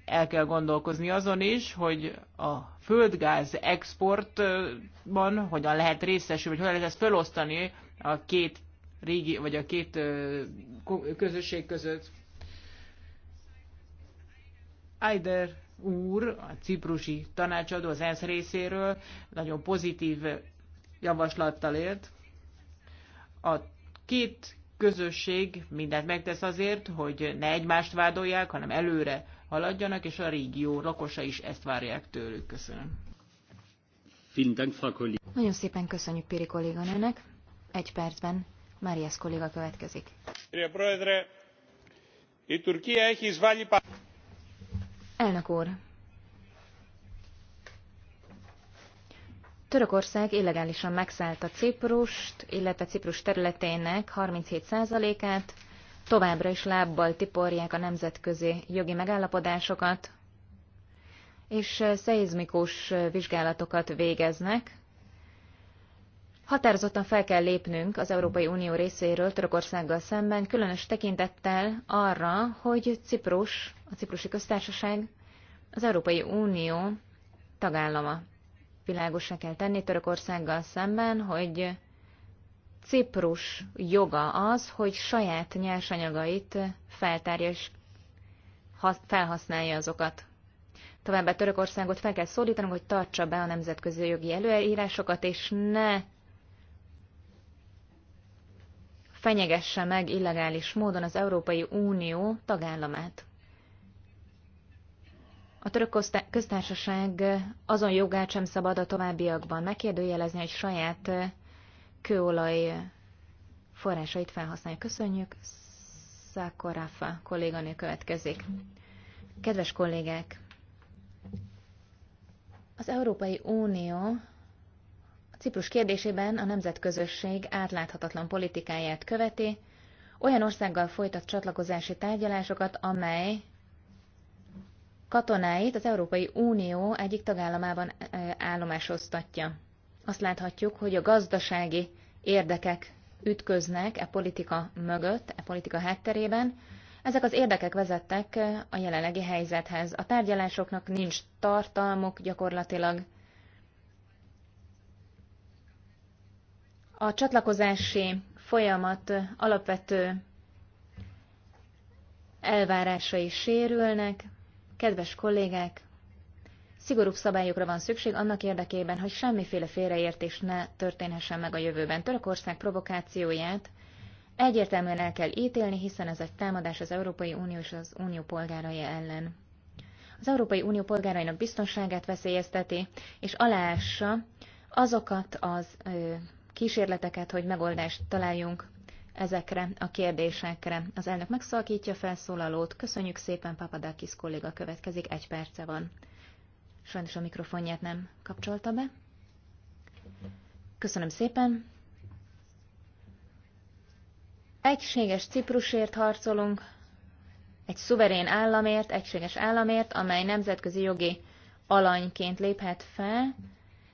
el kell gondolkozni azon is, hogy a földgáz exportban hogyan lehet részesülni, vagy hogyan lehet ezt felosztani a két régi, vagy a két közösség között. Eider úr, a ciprusi tanácsadó az ENSZ részéről nagyon pozitív javaslattal élt. A két közösség mindent megtesz azért, hogy ne egymást vádolják, hanem előre haladjanak, és a régió lakosa is ezt várják tőlük. Köszönöm. Nagyon szépen köszönjük Piri kolléganőnek. Egy percben Marias kolléga következik. Elnök úr! Törökország illegálisan a Ciprust, illetve Ciprus területének 37%-át, továbbra is lábbal tiporják a nemzetközi jogi megállapodásokat, és szeizmikus vizsgálatokat végeznek, Határozottan fel kell lépnünk az Európai Unió részéről Törökországgal szemben, különös tekintettel arra, hogy Ciprus, a Ciprusi Köztársaság az Európai Unió tagállama. Világosra kell tenni Törökországgal szemben, hogy Ciprus joga az, hogy saját nyersanyagait feltárja és felhasználja azokat. Továbbá Törökországot fel kell szólítanunk, hogy tartsa be a nemzetközi jogi előírásokat, és ne fenyegesse meg illegális módon az Európai Unió tagállamát. A török köztársaság azon jogát sem szabad a továbbiakban megkérdőjelezni, hogy saját eh, kőolaj forrásait felhasználja. Köszönjük. Szákoráfa kolléganő következik. Kedves kollégák! Az Európai Unió Ciprus kérdésében a nemzetközösség átláthatatlan politikáját követi, olyan országgal folytat csatlakozási tárgyalásokat, amely katonáit az Európai Unió egyik tagállamában állomásoztatja. Azt láthatjuk, hogy a gazdasági érdekek ütköznek e politika mögött, e politika hátterében. Ezek az érdekek vezettek a jelenlegi helyzethez. A tárgyalásoknak nincs tartalmuk gyakorlatilag, A csatlakozási folyamat alapvető elvárásai sérülnek. Kedves kollégák, szigorúbb szabályokra van szükség annak érdekében, hogy semmiféle félreértés ne történhessen meg a jövőben. Törökország provokációját egyértelműen el kell ítélni, hiszen ez egy támadás az Európai Unió és az Unió polgárai ellen. Az Európai Unió polgárainak biztonságát veszélyezteti, és aláássa azokat az ö, kísérleteket, hogy megoldást találjunk ezekre a kérdésekre. Az elnök megszakítja felszólalót. Köszönjük szépen, Papadakis kolléga következik, egy perce van. Sajnos a mikrofonját nem kapcsolta be. Köszönöm szépen. Egységes Ciprusért harcolunk, egy szuverén államért, egységes államért, amely nemzetközi jogi alanyként léphet fel.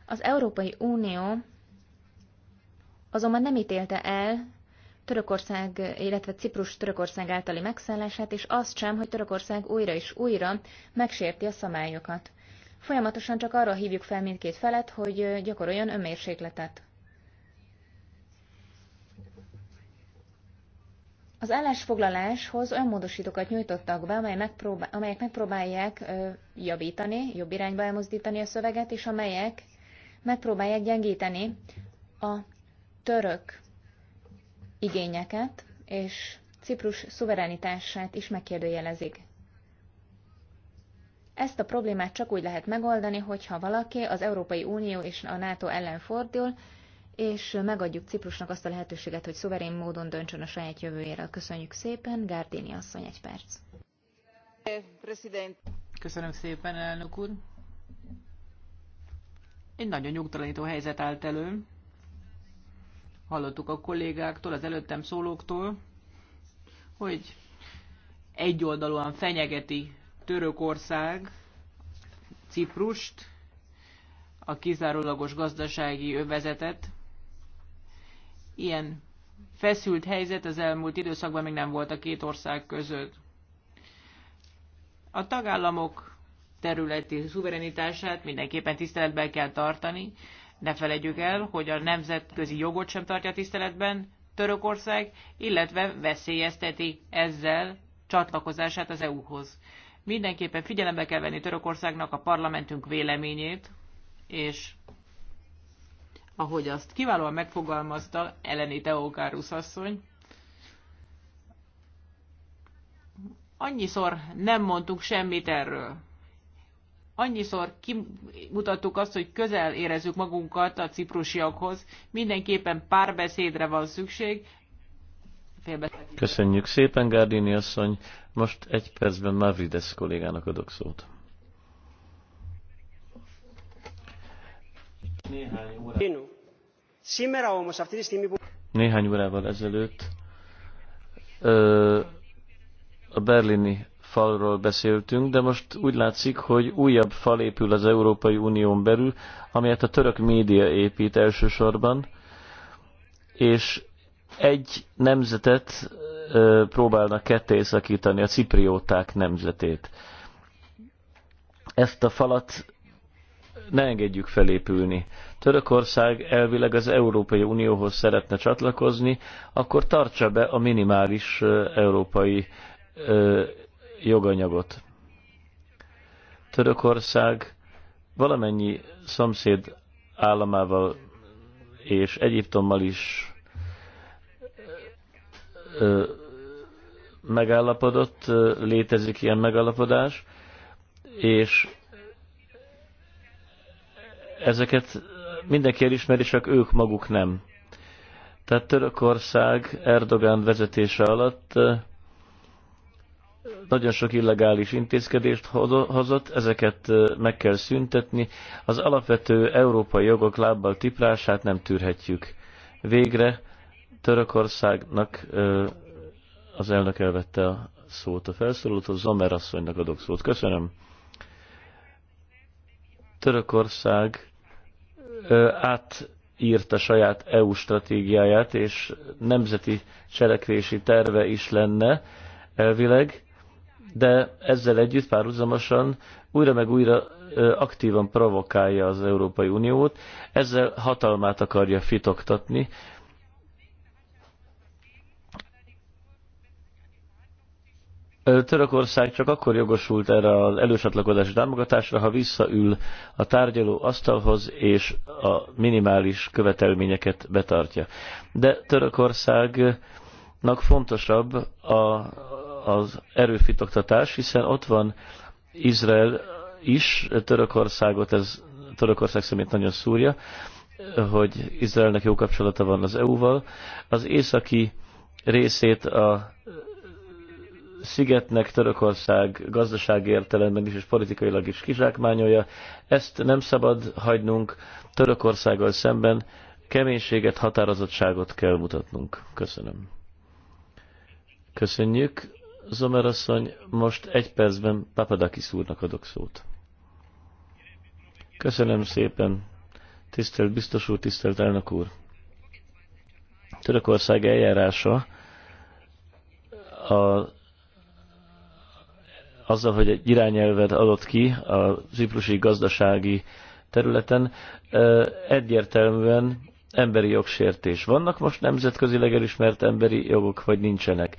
Az Európai Unió azonban nem ítélte el Törökország, illetve Ciprus Törökország általi megszállását, és azt sem, hogy Törökország újra és újra megsérti a szabályokat. Folyamatosan csak arra hívjuk fel mindkét felet, hogy gyakoroljon önmérsékletet. Az állásfoglaláshoz olyan módosítókat nyújtottak be, amely megpróbál, amelyek megpróbálják ö, javítani, jobb irányba elmozdítani a szöveget, és amelyek megpróbálják gyengíteni a török igényeket és Ciprus szuverenitását is megkérdőjelezik. Ezt a problémát csak úgy lehet megoldani, hogyha valaki az Európai Unió és a NATO ellen fordul, és megadjuk Ciprusnak azt a lehetőséget, hogy szuverén módon döntsön a saját jövőjéről. Köszönjük szépen, Gárdini asszony, egy perc. Köszönöm szépen, elnök úr. Egy nagyon nyugtalanító helyzet állt elő hallottuk a kollégáktól, az előttem szólóktól, hogy egyoldalúan fenyegeti Törökország Ciprust, a kizárólagos gazdasági övezetet. Ilyen feszült helyzet az elmúlt időszakban még nem volt a két ország között. A tagállamok területi szuverenitását mindenképpen tiszteletben kell tartani, ne felejtjük el, hogy a nemzetközi jogot sem tartja tiszteletben Törökország, illetve veszélyezteti ezzel csatlakozását az EU-hoz. Mindenképpen figyelembe kell venni Törökországnak a parlamentünk véleményét, és ahogy azt kiválóan megfogalmazta Eleni Teókárus asszony, annyiszor nem mondtuk semmit erről annyiszor kimutattuk azt, hogy közel érezzük magunkat a ciprusiakhoz, mindenképpen párbeszédre van szükség. Köszönjük szépen, Gárdini asszony. Most egy percben Mavrides kollégának adok szót. Néhány órával, Néhány órával ezelőtt ö, a berlini falról beszéltünk, de most úgy látszik, hogy újabb fal épül az Európai Unión belül, amelyet a török média épít elsősorban, és egy nemzetet ö, próbálnak ketté szakítani, a ciprióták nemzetét. Ezt a falat ne engedjük felépülni. Törökország elvileg az Európai Unióhoz szeretne csatlakozni, akkor tartsa be a minimális európai joganyagot. Törökország valamennyi szomszéd államával és Egyiptommal is megállapodott, létezik ilyen megállapodás, és ezeket mindenki elismeri, csak ők maguk nem. Tehát Törökország Erdogán vezetése alatt nagyon sok illegális intézkedést hozott, ezeket meg kell szüntetni. Az alapvető európai jogok lábbal tiprását nem tűrhetjük. Végre Törökországnak az elnök elvette a szót a felszólótól, Zomer asszonynak adok szót. Köszönöm. Törökország átírta saját EU stratégiáját, és nemzeti cselekvési terve is lenne elvileg de ezzel együtt párhuzamosan újra meg újra aktívan provokálja az Európai Uniót, ezzel hatalmát akarja fitoktatni. Törökország csak akkor jogosult erre az elősatlakozási támogatásra, ha visszaül a tárgyaló asztalhoz és a minimális követelményeket betartja. De Törökországnak fontosabb a, az erőfitoktatás, hiszen ott van Izrael is, Törökországot, ez Törökország szemét nagyon szúrja, hogy Izraelnek jó kapcsolata van az EU-val. Az északi részét a szigetnek Törökország gazdasági értelemben is és politikailag is kizsákmányolja. Ezt nem szabad hagynunk Törökországgal szemben, keménységet, határozottságot kell mutatnunk. Köszönöm. Köszönjük. Zomer asszony, most egy percben Papadakis úrnak adok szót. Köszönöm szépen, tisztelt biztos úr, tisztelt elnök úr. Törökország eljárása a, azzal, hogy egy irányelvet adott ki a ciprusi gazdasági területen, egyértelműen emberi jogsértés. Vannak most nemzetközileg elismert emberi jogok, vagy nincsenek?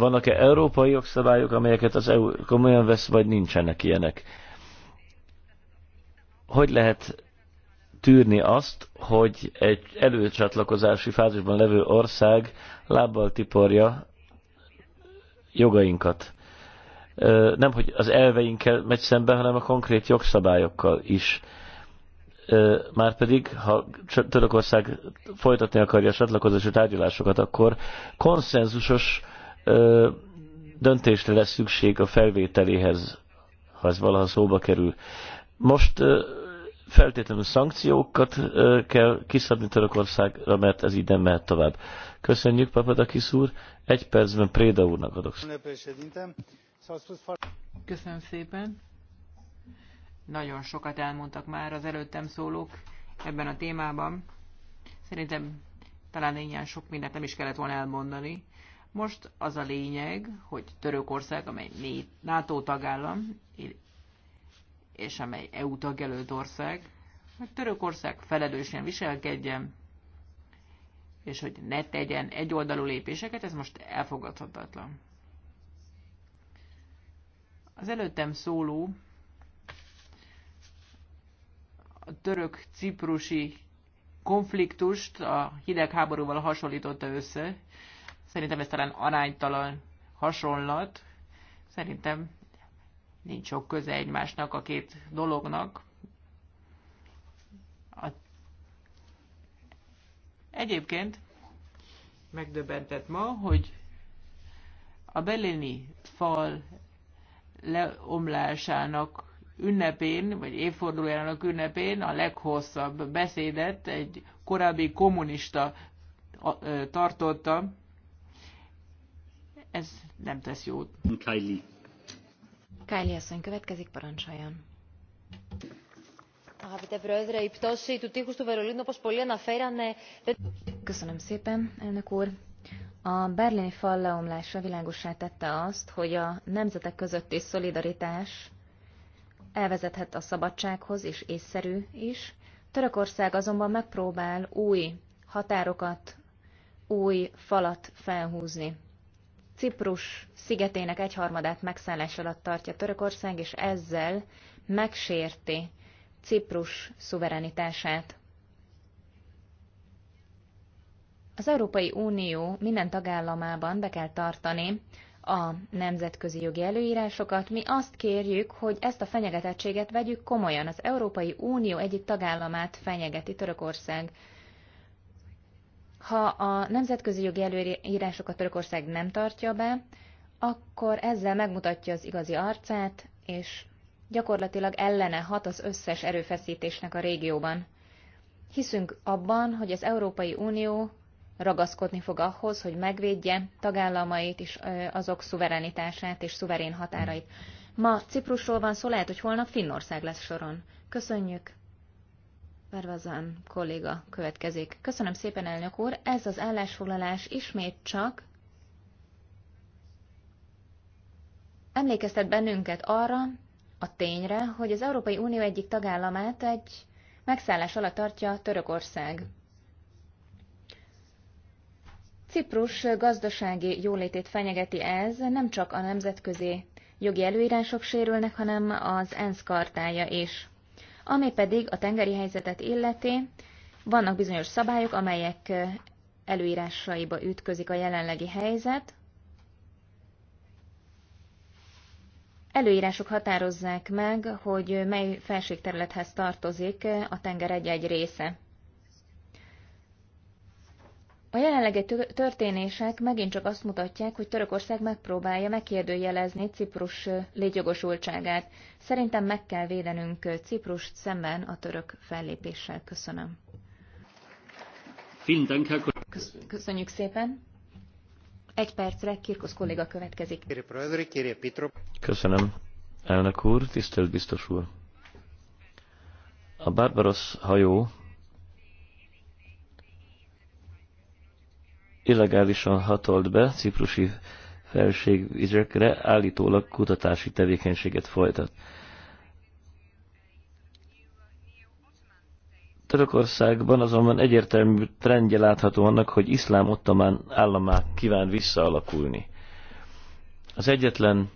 Vannak-e európai jogszabályok, amelyeket az EU komolyan vesz, vagy nincsenek ilyenek? Hogy lehet tűrni azt, hogy egy előcsatlakozási fázisban levő ország lábbal tiporja jogainkat? Nem, hogy az elveinkkel megy szembe, hanem a konkrét jogszabályokkal is. Márpedig, ha Törökország folytatni akarja a csatlakozási tárgyalásokat, akkor konszenzusos döntésre lesz szükség a felvételéhez, ha ez valaha szóba kerül. Most feltétlenül szankciókat kell kiszabni Törökországra, mert ez így nem mehet tovább. Köszönjük, Papadakis úr. Egy percben Préda úrnak adok. Köszönöm szépen. Nagyon sokat elmondtak már az előttem szólók ebben a témában. Szerintem talán ilyen sok mindent nem is kellett volna elmondani. Most az a lényeg, hogy Törökország, amely NATO tagállam, és amely EU tagjelölt ország, hogy Törökország felelősen viselkedjen, és hogy ne tegyen egyoldalú lépéseket, ez most elfogadhatatlan. Az előttem szóló a török-ciprusi konfliktust a hidegháborúval hasonlította össze, Szerintem ez talán aránytalan hasonlat. Szerintem nincs sok köze egymásnak a két dolognak. A... Egyébként megdöbbentett ma, hogy a berlini fal leomlásának ünnepén, vagy évfordulójának ünnepén a leghosszabb beszédet egy korábbi kommunista tartotta, ez nem tesz jót. Kylie. Kylie asszony következik, parancsoljon. Αγαπητέ Πρόεδρε, η πτώση του τείχους του Βερολίνου, όπως πολλοί αναφέρανε... Köszönöm szépen, elnök úr. A berlini fal leomlása világosá tette azt, hogy a nemzetek közötti szolidaritás elvezethet a szabadsághoz, és észszerű is. Törökország azonban megpróbál új határokat, új falat felhúzni. Ciprus szigetének egyharmadát megszállás alatt tartja Törökország, és ezzel megsérti Ciprus szuverenitását. Az Európai Unió minden tagállamában be kell tartani a nemzetközi jogi előírásokat. Mi azt kérjük, hogy ezt a fenyegetettséget vegyük komolyan. Az Európai Unió egyik tagállamát fenyegeti Törökország ha a nemzetközi jogi előírásokat Törökország nem tartja be, akkor ezzel megmutatja az igazi arcát, és gyakorlatilag ellene hat az összes erőfeszítésnek a régióban. Hiszünk abban, hogy az Európai Unió ragaszkodni fog ahhoz, hogy megvédje tagállamait és azok szuverenitását és szuverén határait. Ma Ciprusról van szó, lehet, hogy holnap Finnország lesz soron. Köszönjük! Vervazán kolléga következik. Köszönöm szépen, elnök úr. Ez az állásfoglalás ismét csak emlékeztet bennünket arra a tényre, hogy az Európai Unió egyik tagállamát egy megszállás alatt tartja Törökország. Ciprus gazdasági jólétét fenyegeti ez, nem csak a nemzetközi jogi előírások sérülnek, hanem az ENSZ kartája is. Ami pedig a tengeri helyzetet illeti, vannak bizonyos szabályok, amelyek előírásaiba ütközik a jelenlegi helyzet. Előírások határozzák meg, hogy mely felségterülethez tartozik a tenger egy-egy része. A jelenlegi történések megint csak azt mutatják, hogy Törökország megpróbálja megkérdőjelezni Ciprus légyogosultságát. Szerintem meg kell védenünk Ciprust szemben a török fellépéssel. Köszönöm. Köszönjük szépen. Egy percre Kirkusz kolléga következik. Köszönöm. Elnök úr, tisztelt biztos úr. A Barbaros hajó illegálisan hatolt be ciprusi felségvizekre, állítólag kutatási tevékenységet folytat. Törökországban azonban egyértelmű trendje látható annak, hogy iszlám ottomán államá kíván visszaalakulni. Az egyetlen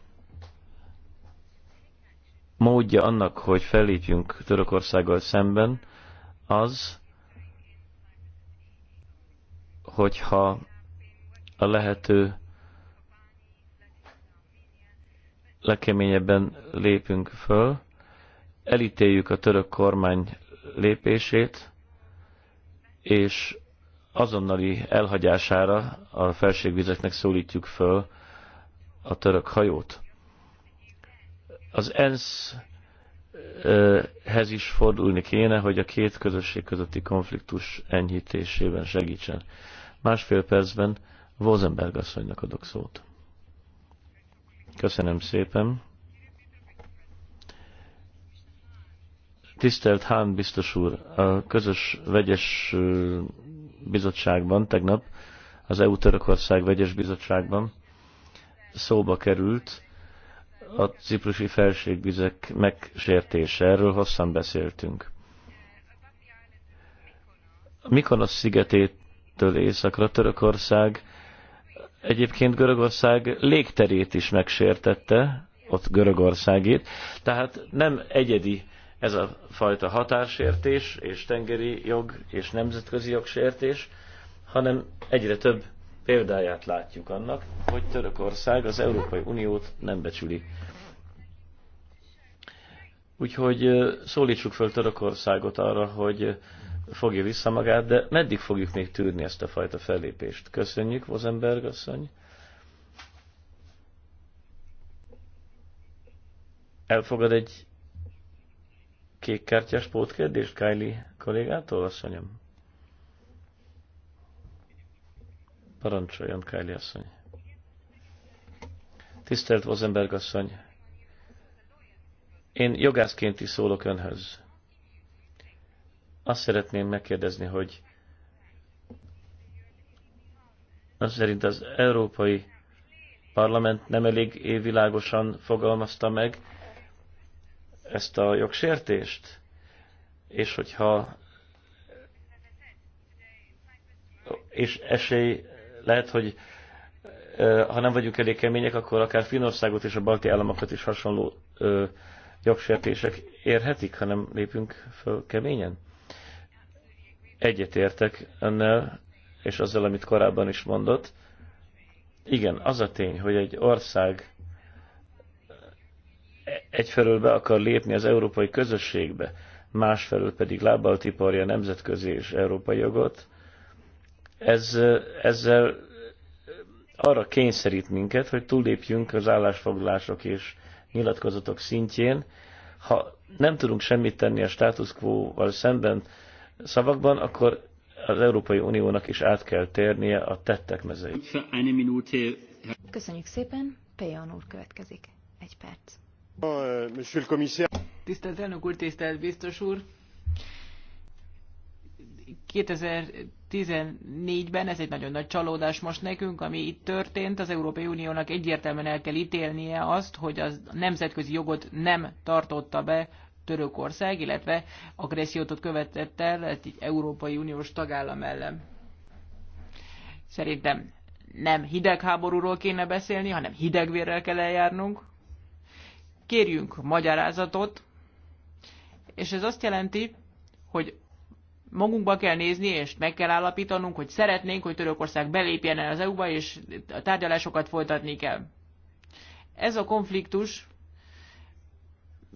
módja annak, hogy fellépjünk Törökországgal szemben, az, hogyha a lehető legkeményebben lépünk föl, elítéljük a török kormány lépését, és azonnali elhagyására a felségvizeknek szólítjuk föl a török hajót. Az ENSZ-hez is fordulni kéne, hogy a két közösség közötti konfliktus enyhítésében segítsen. Másfél percben Vozenberg asszonynak adok szót. Köszönöm szépen. Tisztelt Hán biztos úr, a közös vegyes bizottságban tegnap, az EU-Törökország vegyes bizottságban szóba került a ciprusi felségvizek megsértése. Erről hosszan beszéltünk. Mikonosz szigetét Től északra Törökország egyébként Görögország légterét is megsértette, ott Görögországét. Tehát nem egyedi ez a fajta határsértés és tengeri jog és nemzetközi jogsértés, hanem egyre több példáját látjuk annak, hogy Törökország az Európai Uniót nem becsüli. Úgyhogy szólítsuk föl Törökországot arra, hogy fogja vissza magát, de meddig fogjuk még tűrni ezt a fajta fellépést? Köszönjük, Vozenberg asszony. Elfogad egy kékkártyás pótkérdést Kylie kollégától, asszonyom? Parancsoljon, Kylie asszony. Tisztelt Vozenberg asszony, én jogászként is szólok önhöz. Azt szeretném megkérdezni, hogy az szerint az Európai Parlament nem elég évvilágosan fogalmazta meg ezt a jogsértést, és hogyha és esély lehet, hogy ha nem vagyunk elég kemények, akkor akár Finországot és a balti államokat is hasonló jogsértések érhetik, ha nem lépünk föl keményen? Egyetértek ennel, és azzal, amit korábban is mondott. Igen, az a tény, hogy egy ország egyfelől be akar lépni az európai közösségbe, másfelől pedig lábbal tiparja nemzetközi és európai jogot, ez, ezzel arra kényszerít minket, hogy túllépjünk az állásfoglalások és nyilatkozatok szintjén. Ha nem tudunk semmit tenni a status quo-val szemben, szavakban, akkor az Európai Uniónak is át kell térnie a tettek mezeit. Köszönjük szépen, Pejan úr következik. Egy perc. Tisztelt elnök úr, tisztelt biztos úr! 2014-ben ez egy nagyon nagy csalódás most nekünk, ami itt történt. Az Európai Uniónak egyértelműen el kell ítélnie azt, hogy a nemzetközi jogot nem tartotta be Törökország, illetve agressziót követett el egy Európai Uniós tagállam ellen. Szerintem nem hidegháborúról kéne beszélni, hanem hidegvérrel kell eljárnunk. Kérjünk magyarázatot, és ez azt jelenti, hogy magunkba kell nézni, és meg kell állapítanunk, hogy szeretnénk, hogy Törökország belépjen el az EU-ba, és a tárgyalásokat folytatni kell. Ez a konfliktus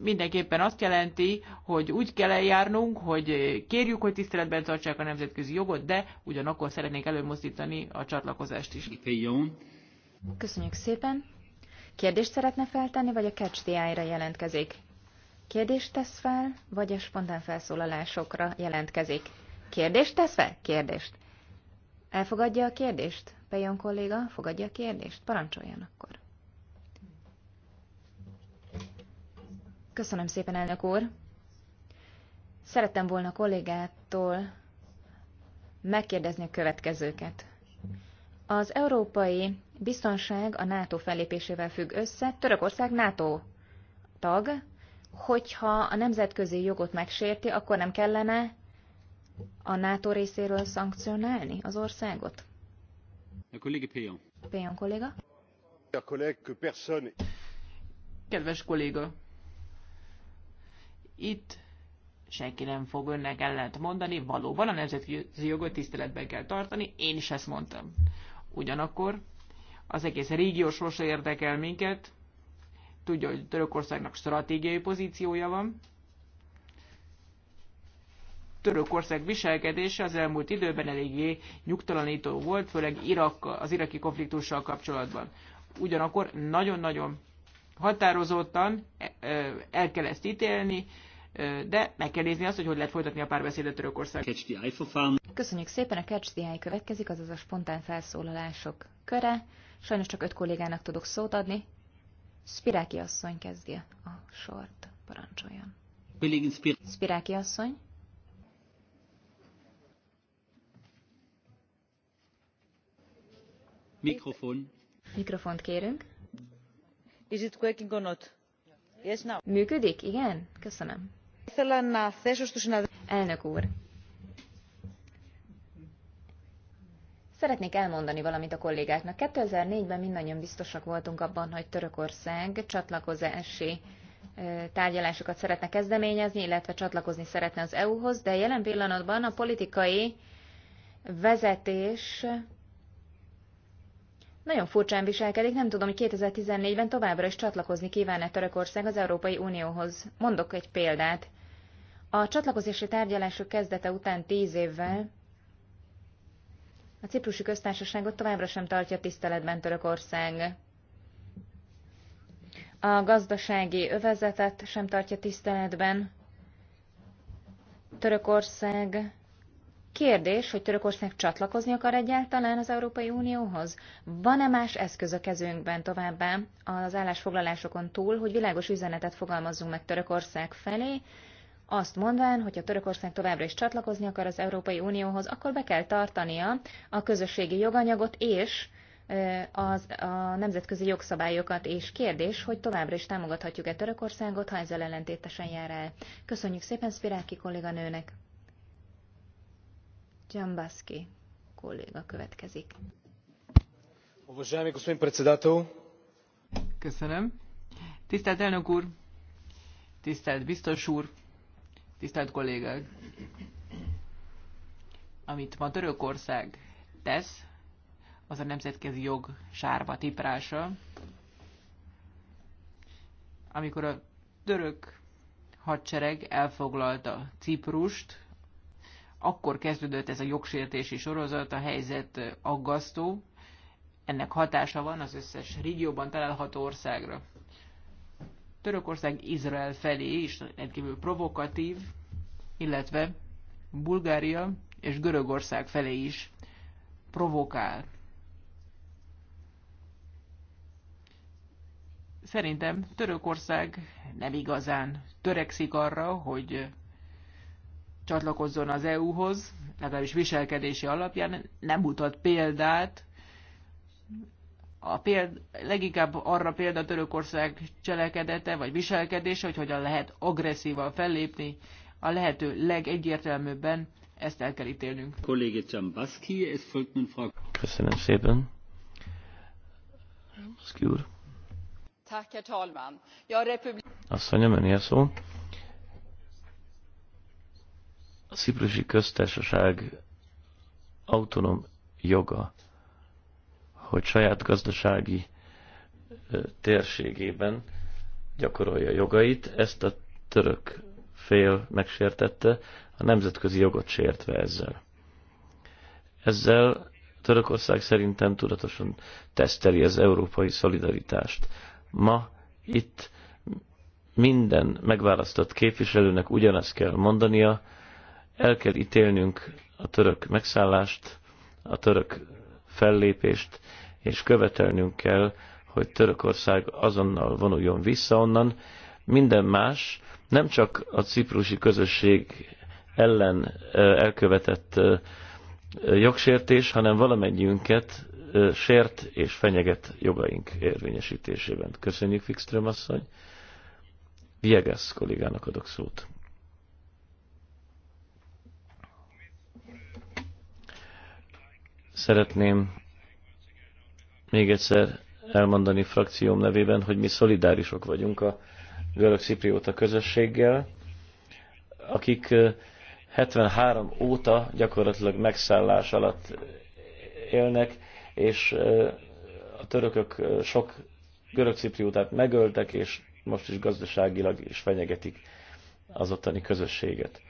mindenképpen azt jelenti, hogy úgy kell eljárnunk, hogy kérjük, hogy tiszteletben tartsák a nemzetközi jogot, de ugyanakkor szeretnék előmozdítani a csatlakozást is. Köszönjük szépen! Kérdést szeretne feltenni, vagy a Catch the ra jelentkezik? Kérdést tesz fel, vagy a spontán felszólalásokra jelentkezik? Kérdést tesz fel? Kérdést. Elfogadja a kérdést? Pejon kolléga, fogadja a kérdést? Parancsoljanak. Köszönöm szépen, elnök úr. Szerettem volna kollégától megkérdezni a következőket. Az európai biztonság a NATO fellépésével függ össze. Törökország NATO tag. Hogyha a nemzetközi jogot megsérti, akkor nem kellene a NATO részéről szankcionálni az országot? A kollégi Péjon. Péjon kolléga. Kedves kolléga, itt senki nem fog önnek ellent mondani, valóban a nemzetközi jogot tiszteletben kell tartani, én is ezt mondtam. Ugyanakkor az egész régió sorsa érdekel minket, tudja, hogy Törökországnak stratégiai pozíciója van. Törökország viselkedése az elmúlt időben eléggé nyugtalanító volt, főleg Irak, az iraki konfliktussal kapcsolatban. Ugyanakkor nagyon-nagyon határozottan e, el kell ezt ítélni, de meg kell nézni azt, hogy hogy lehet folytatni a párbeszédet Törökország. Köszönjük szépen, a Catch the Eye következik, azaz a spontán felszólalások köre. Sajnos csak öt kollégának tudok szót adni. Spiráki asszony kezdi a sort, parancsoljon. Spiráki asszony. Mikrofon. Mikrofont kérünk. Is it working or not? Yes, now. Működik? Igen? Köszönöm. Elnök úr. Szeretnék elmondani valamit a kollégáknak. 2004-ben mindannyian biztosak voltunk abban, hogy Törökország csatlakozási tárgyalásokat szeretne kezdeményezni, illetve csatlakozni szeretne az EU-hoz, de jelen pillanatban a politikai vezetés nagyon furcsán viselkedik, nem tudom, hogy 2014-ben továbbra is csatlakozni kívánne Törökország az Európai Unióhoz. Mondok egy példát. A csatlakozási tárgyalások kezdete után tíz évvel a ciprusi köztársaságot továbbra sem tartja tiszteletben Törökország. A gazdasági övezetet sem tartja tiszteletben. Törökország Kérdés, hogy Törökország csatlakozni akar egyáltalán az Európai Unióhoz? Van-e más eszköz a kezünkben továbbá az állásfoglalásokon túl, hogy világos üzenetet fogalmazzunk meg Törökország felé, azt mondván, hogy a Törökország továbbra is csatlakozni akar az Európai Unióhoz, akkor be kell tartania a közösségi joganyagot és az, a nemzetközi jogszabályokat, és kérdés, hogy továbbra is támogathatjuk-e Törökországot, ha ezzel ellentétesen jár el. Köszönjük szépen Spiráki kolléganőnek! Jambaski kolléga következik. Köszönöm. Tisztelt elnök úr! Tisztelt biztos úr! Tisztelt kollégák! Amit ma Törökország tesz, az a nemzetközi jog sárba tiprása. Amikor a török hadsereg elfoglalta Ciprust, akkor kezdődött ez a jogsértési sorozat, a helyzet aggasztó, ennek hatása van az összes régióban található országra. Törökország Izrael felé is rendkívül provokatív, illetve Bulgária és Görögország felé is provokál. Szerintem Törökország nem igazán törekszik arra, hogy csatlakozzon az EU-hoz, legalábbis viselkedési alapján, nem mutat példát. A péld, leginkább arra példa Törökország cselekedete vagy viselkedése, hogy hogyan lehet agresszívan fellépni, a lehető legegyértelműbben ezt el kell ítélnünk. Köszönöm szépen. Baszki úr. Asszonyom, önél szó a Ciprusi Köztársaság autonóm joga, hogy saját gazdasági térségében gyakorolja jogait, ezt a török fél megsértette, a nemzetközi jogot sértve ezzel. Ezzel Törökország szerintem tudatosan teszteli az európai szolidaritást. Ma itt minden megválasztott képviselőnek ugyanezt kell mondania, el kell ítélnünk a török megszállást, a török fellépést, és követelnünk kell, hogy Törökország azonnal vonuljon vissza onnan. Minden más, nem csak a ciprusi közösség ellen elkövetett jogsértés, hanem valamennyiünket sért és fenyeget jogaink érvényesítésében. Köszönjük, Fixström asszony! Viegas kollégának adok szót. Szeretném még egyszer elmondani frakcióm nevében, hogy mi szolidárisok vagyunk a görög Cipriota közösséggel, akik 73 óta gyakorlatilag megszállás alatt élnek, és a törökök sok görög Cipriotát megöltek, és most is gazdaságilag is fenyegetik az ottani közösséget.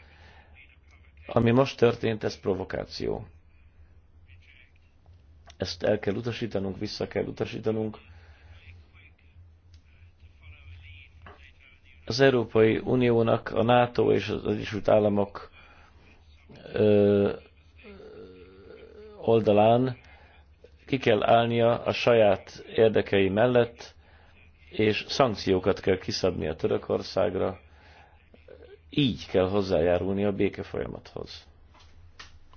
Ami most történt, ez provokáció. Ezt el kell utasítanunk, vissza kell utasítanunk. Az Európai Uniónak, a NATO és az Egyesült Államok ö, oldalán ki kell állnia a saját érdekei mellett, és szankciókat kell kiszabni a Törökországra. Így kell hozzájárulni a béke folyamathoz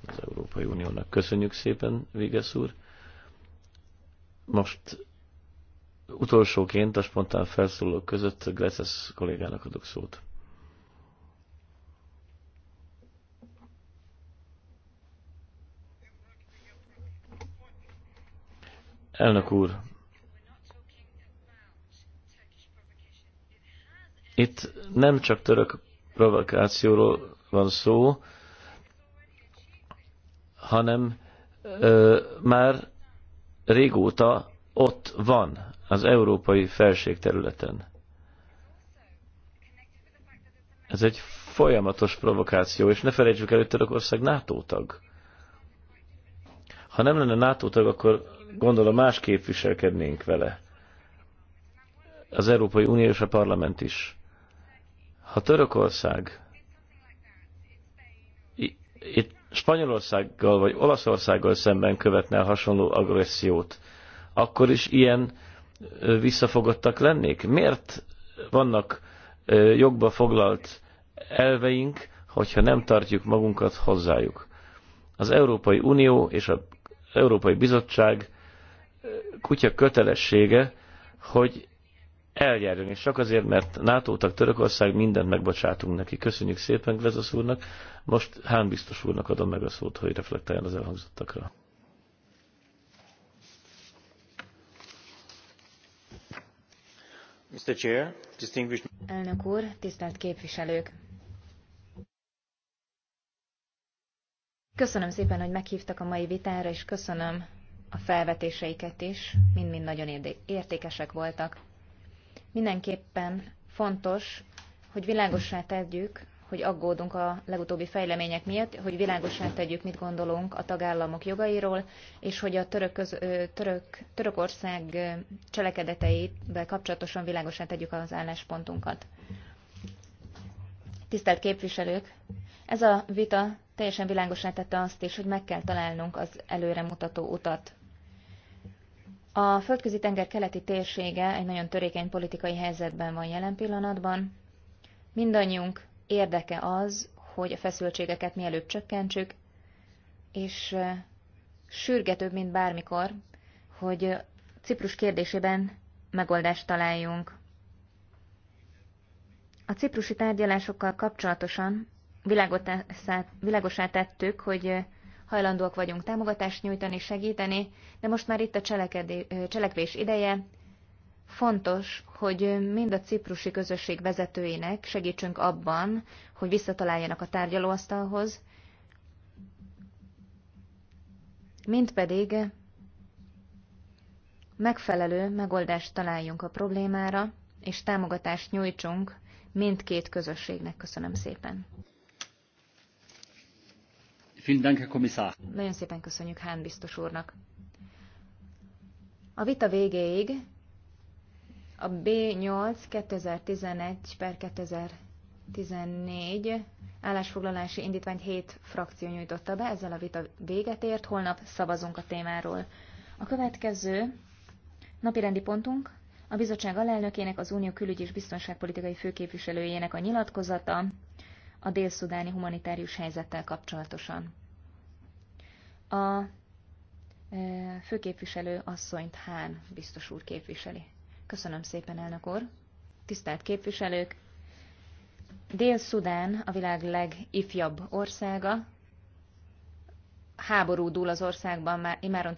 az Európai Uniónak. Köszönjük szépen, Vigesz úr! Most utolsóként a spontán felszólók között Greces kollégának adok szót. Elnök úr, itt nem csak török provokációról van szó, hanem ö, már régóta ott van az európai felség területen. Ez egy folyamatos provokáció, és ne felejtsük el, hogy Törökország NATO tag. Ha nem lenne NATO tag, akkor gondolom másképp viselkednénk vele. Az Európai Unió és a Parlament is. Ha Törökország itt Spanyolországgal vagy Olaszországgal szemben követne el hasonló agressziót, akkor is ilyen visszafogottak lennék? Miért vannak jogba foglalt elveink, hogyha nem tartjuk magunkat hozzájuk? Az Európai Unió és az Európai Bizottság kutya kötelessége, hogy eljárjon, és csak azért, mert NATO tag Törökország, mindent megbocsátunk neki. Köszönjük szépen Glezasz úrnak. Most Hán biztos úrnak adom meg a szót, hogy reflektáljon az elhangzottakra. Mr. Chair, distinguished... Elnök úr, tisztelt képviselők! Köszönöm szépen, hogy meghívtak a mai vitára, és köszönöm a felvetéseiket is, mind-mind nagyon értékesek voltak. Mindenképpen fontos, hogy világosá tegyük, hogy aggódunk a legutóbbi fejlemények miatt, hogy világosá tegyük, mit gondolunk a tagállamok jogairól, és hogy a török köz, török, Törökország cselekedeteivel kapcsolatosan világosá tegyük az álláspontunkat. Tisztelt képviselők! Ez a vita teljesen világosá tette azt is, hogy meg kell találnunk az előremutató utat. A földközi tenger keleti térsége egy nagyon törékeny politikai helyzetben van jelen pillanatban. Mindannyiunk érdeke az, hogy a feszültségeket mielőbb csökkentsük, és sürgetőbb, mint bármikor, hogy Ciprus kérdésében megoldást találjunk. A ciprusi tárgyalásokkal kapcsolatosan világosá tettük, hogy hajlandóak vagyunk támogatást nyújtani, segíteni, de most már itt a cselekvés ideje. Fontos, hogy mind a ciprusi közösség vezetőinek segítsünk abban, hogy visszataláljanak a tárgyalóasztalhoz, mint pedig megfelelő megoldást találjunk a problémára, és támogatást nyújtsunk mindkét közösségnek. Köszönöm szépen! Nagyon szépen köszönjük Hán biztos úrnak. A vita végéig a B8 2011 per 2014 állásfoglalási indítványt 7 frakció nyújtotta be, ezzel a vita véget ért, holnap szavazunk a témáról. A következő napirendi pontunk a bizottság alelnökének, az Unió külügy és biztonságpolitikai főképviselőjének a nyilatkozata, a délszudáni humanitárius helyzettel kapcsolatosan. A e, főképviselő asszonyt Hán biztos úr képviseli. Köszönöm szépen, elnök úr! Tisztelt képviselők! Dél-Szudán a világ legifjabb országa. Háború dúl az országban már imáron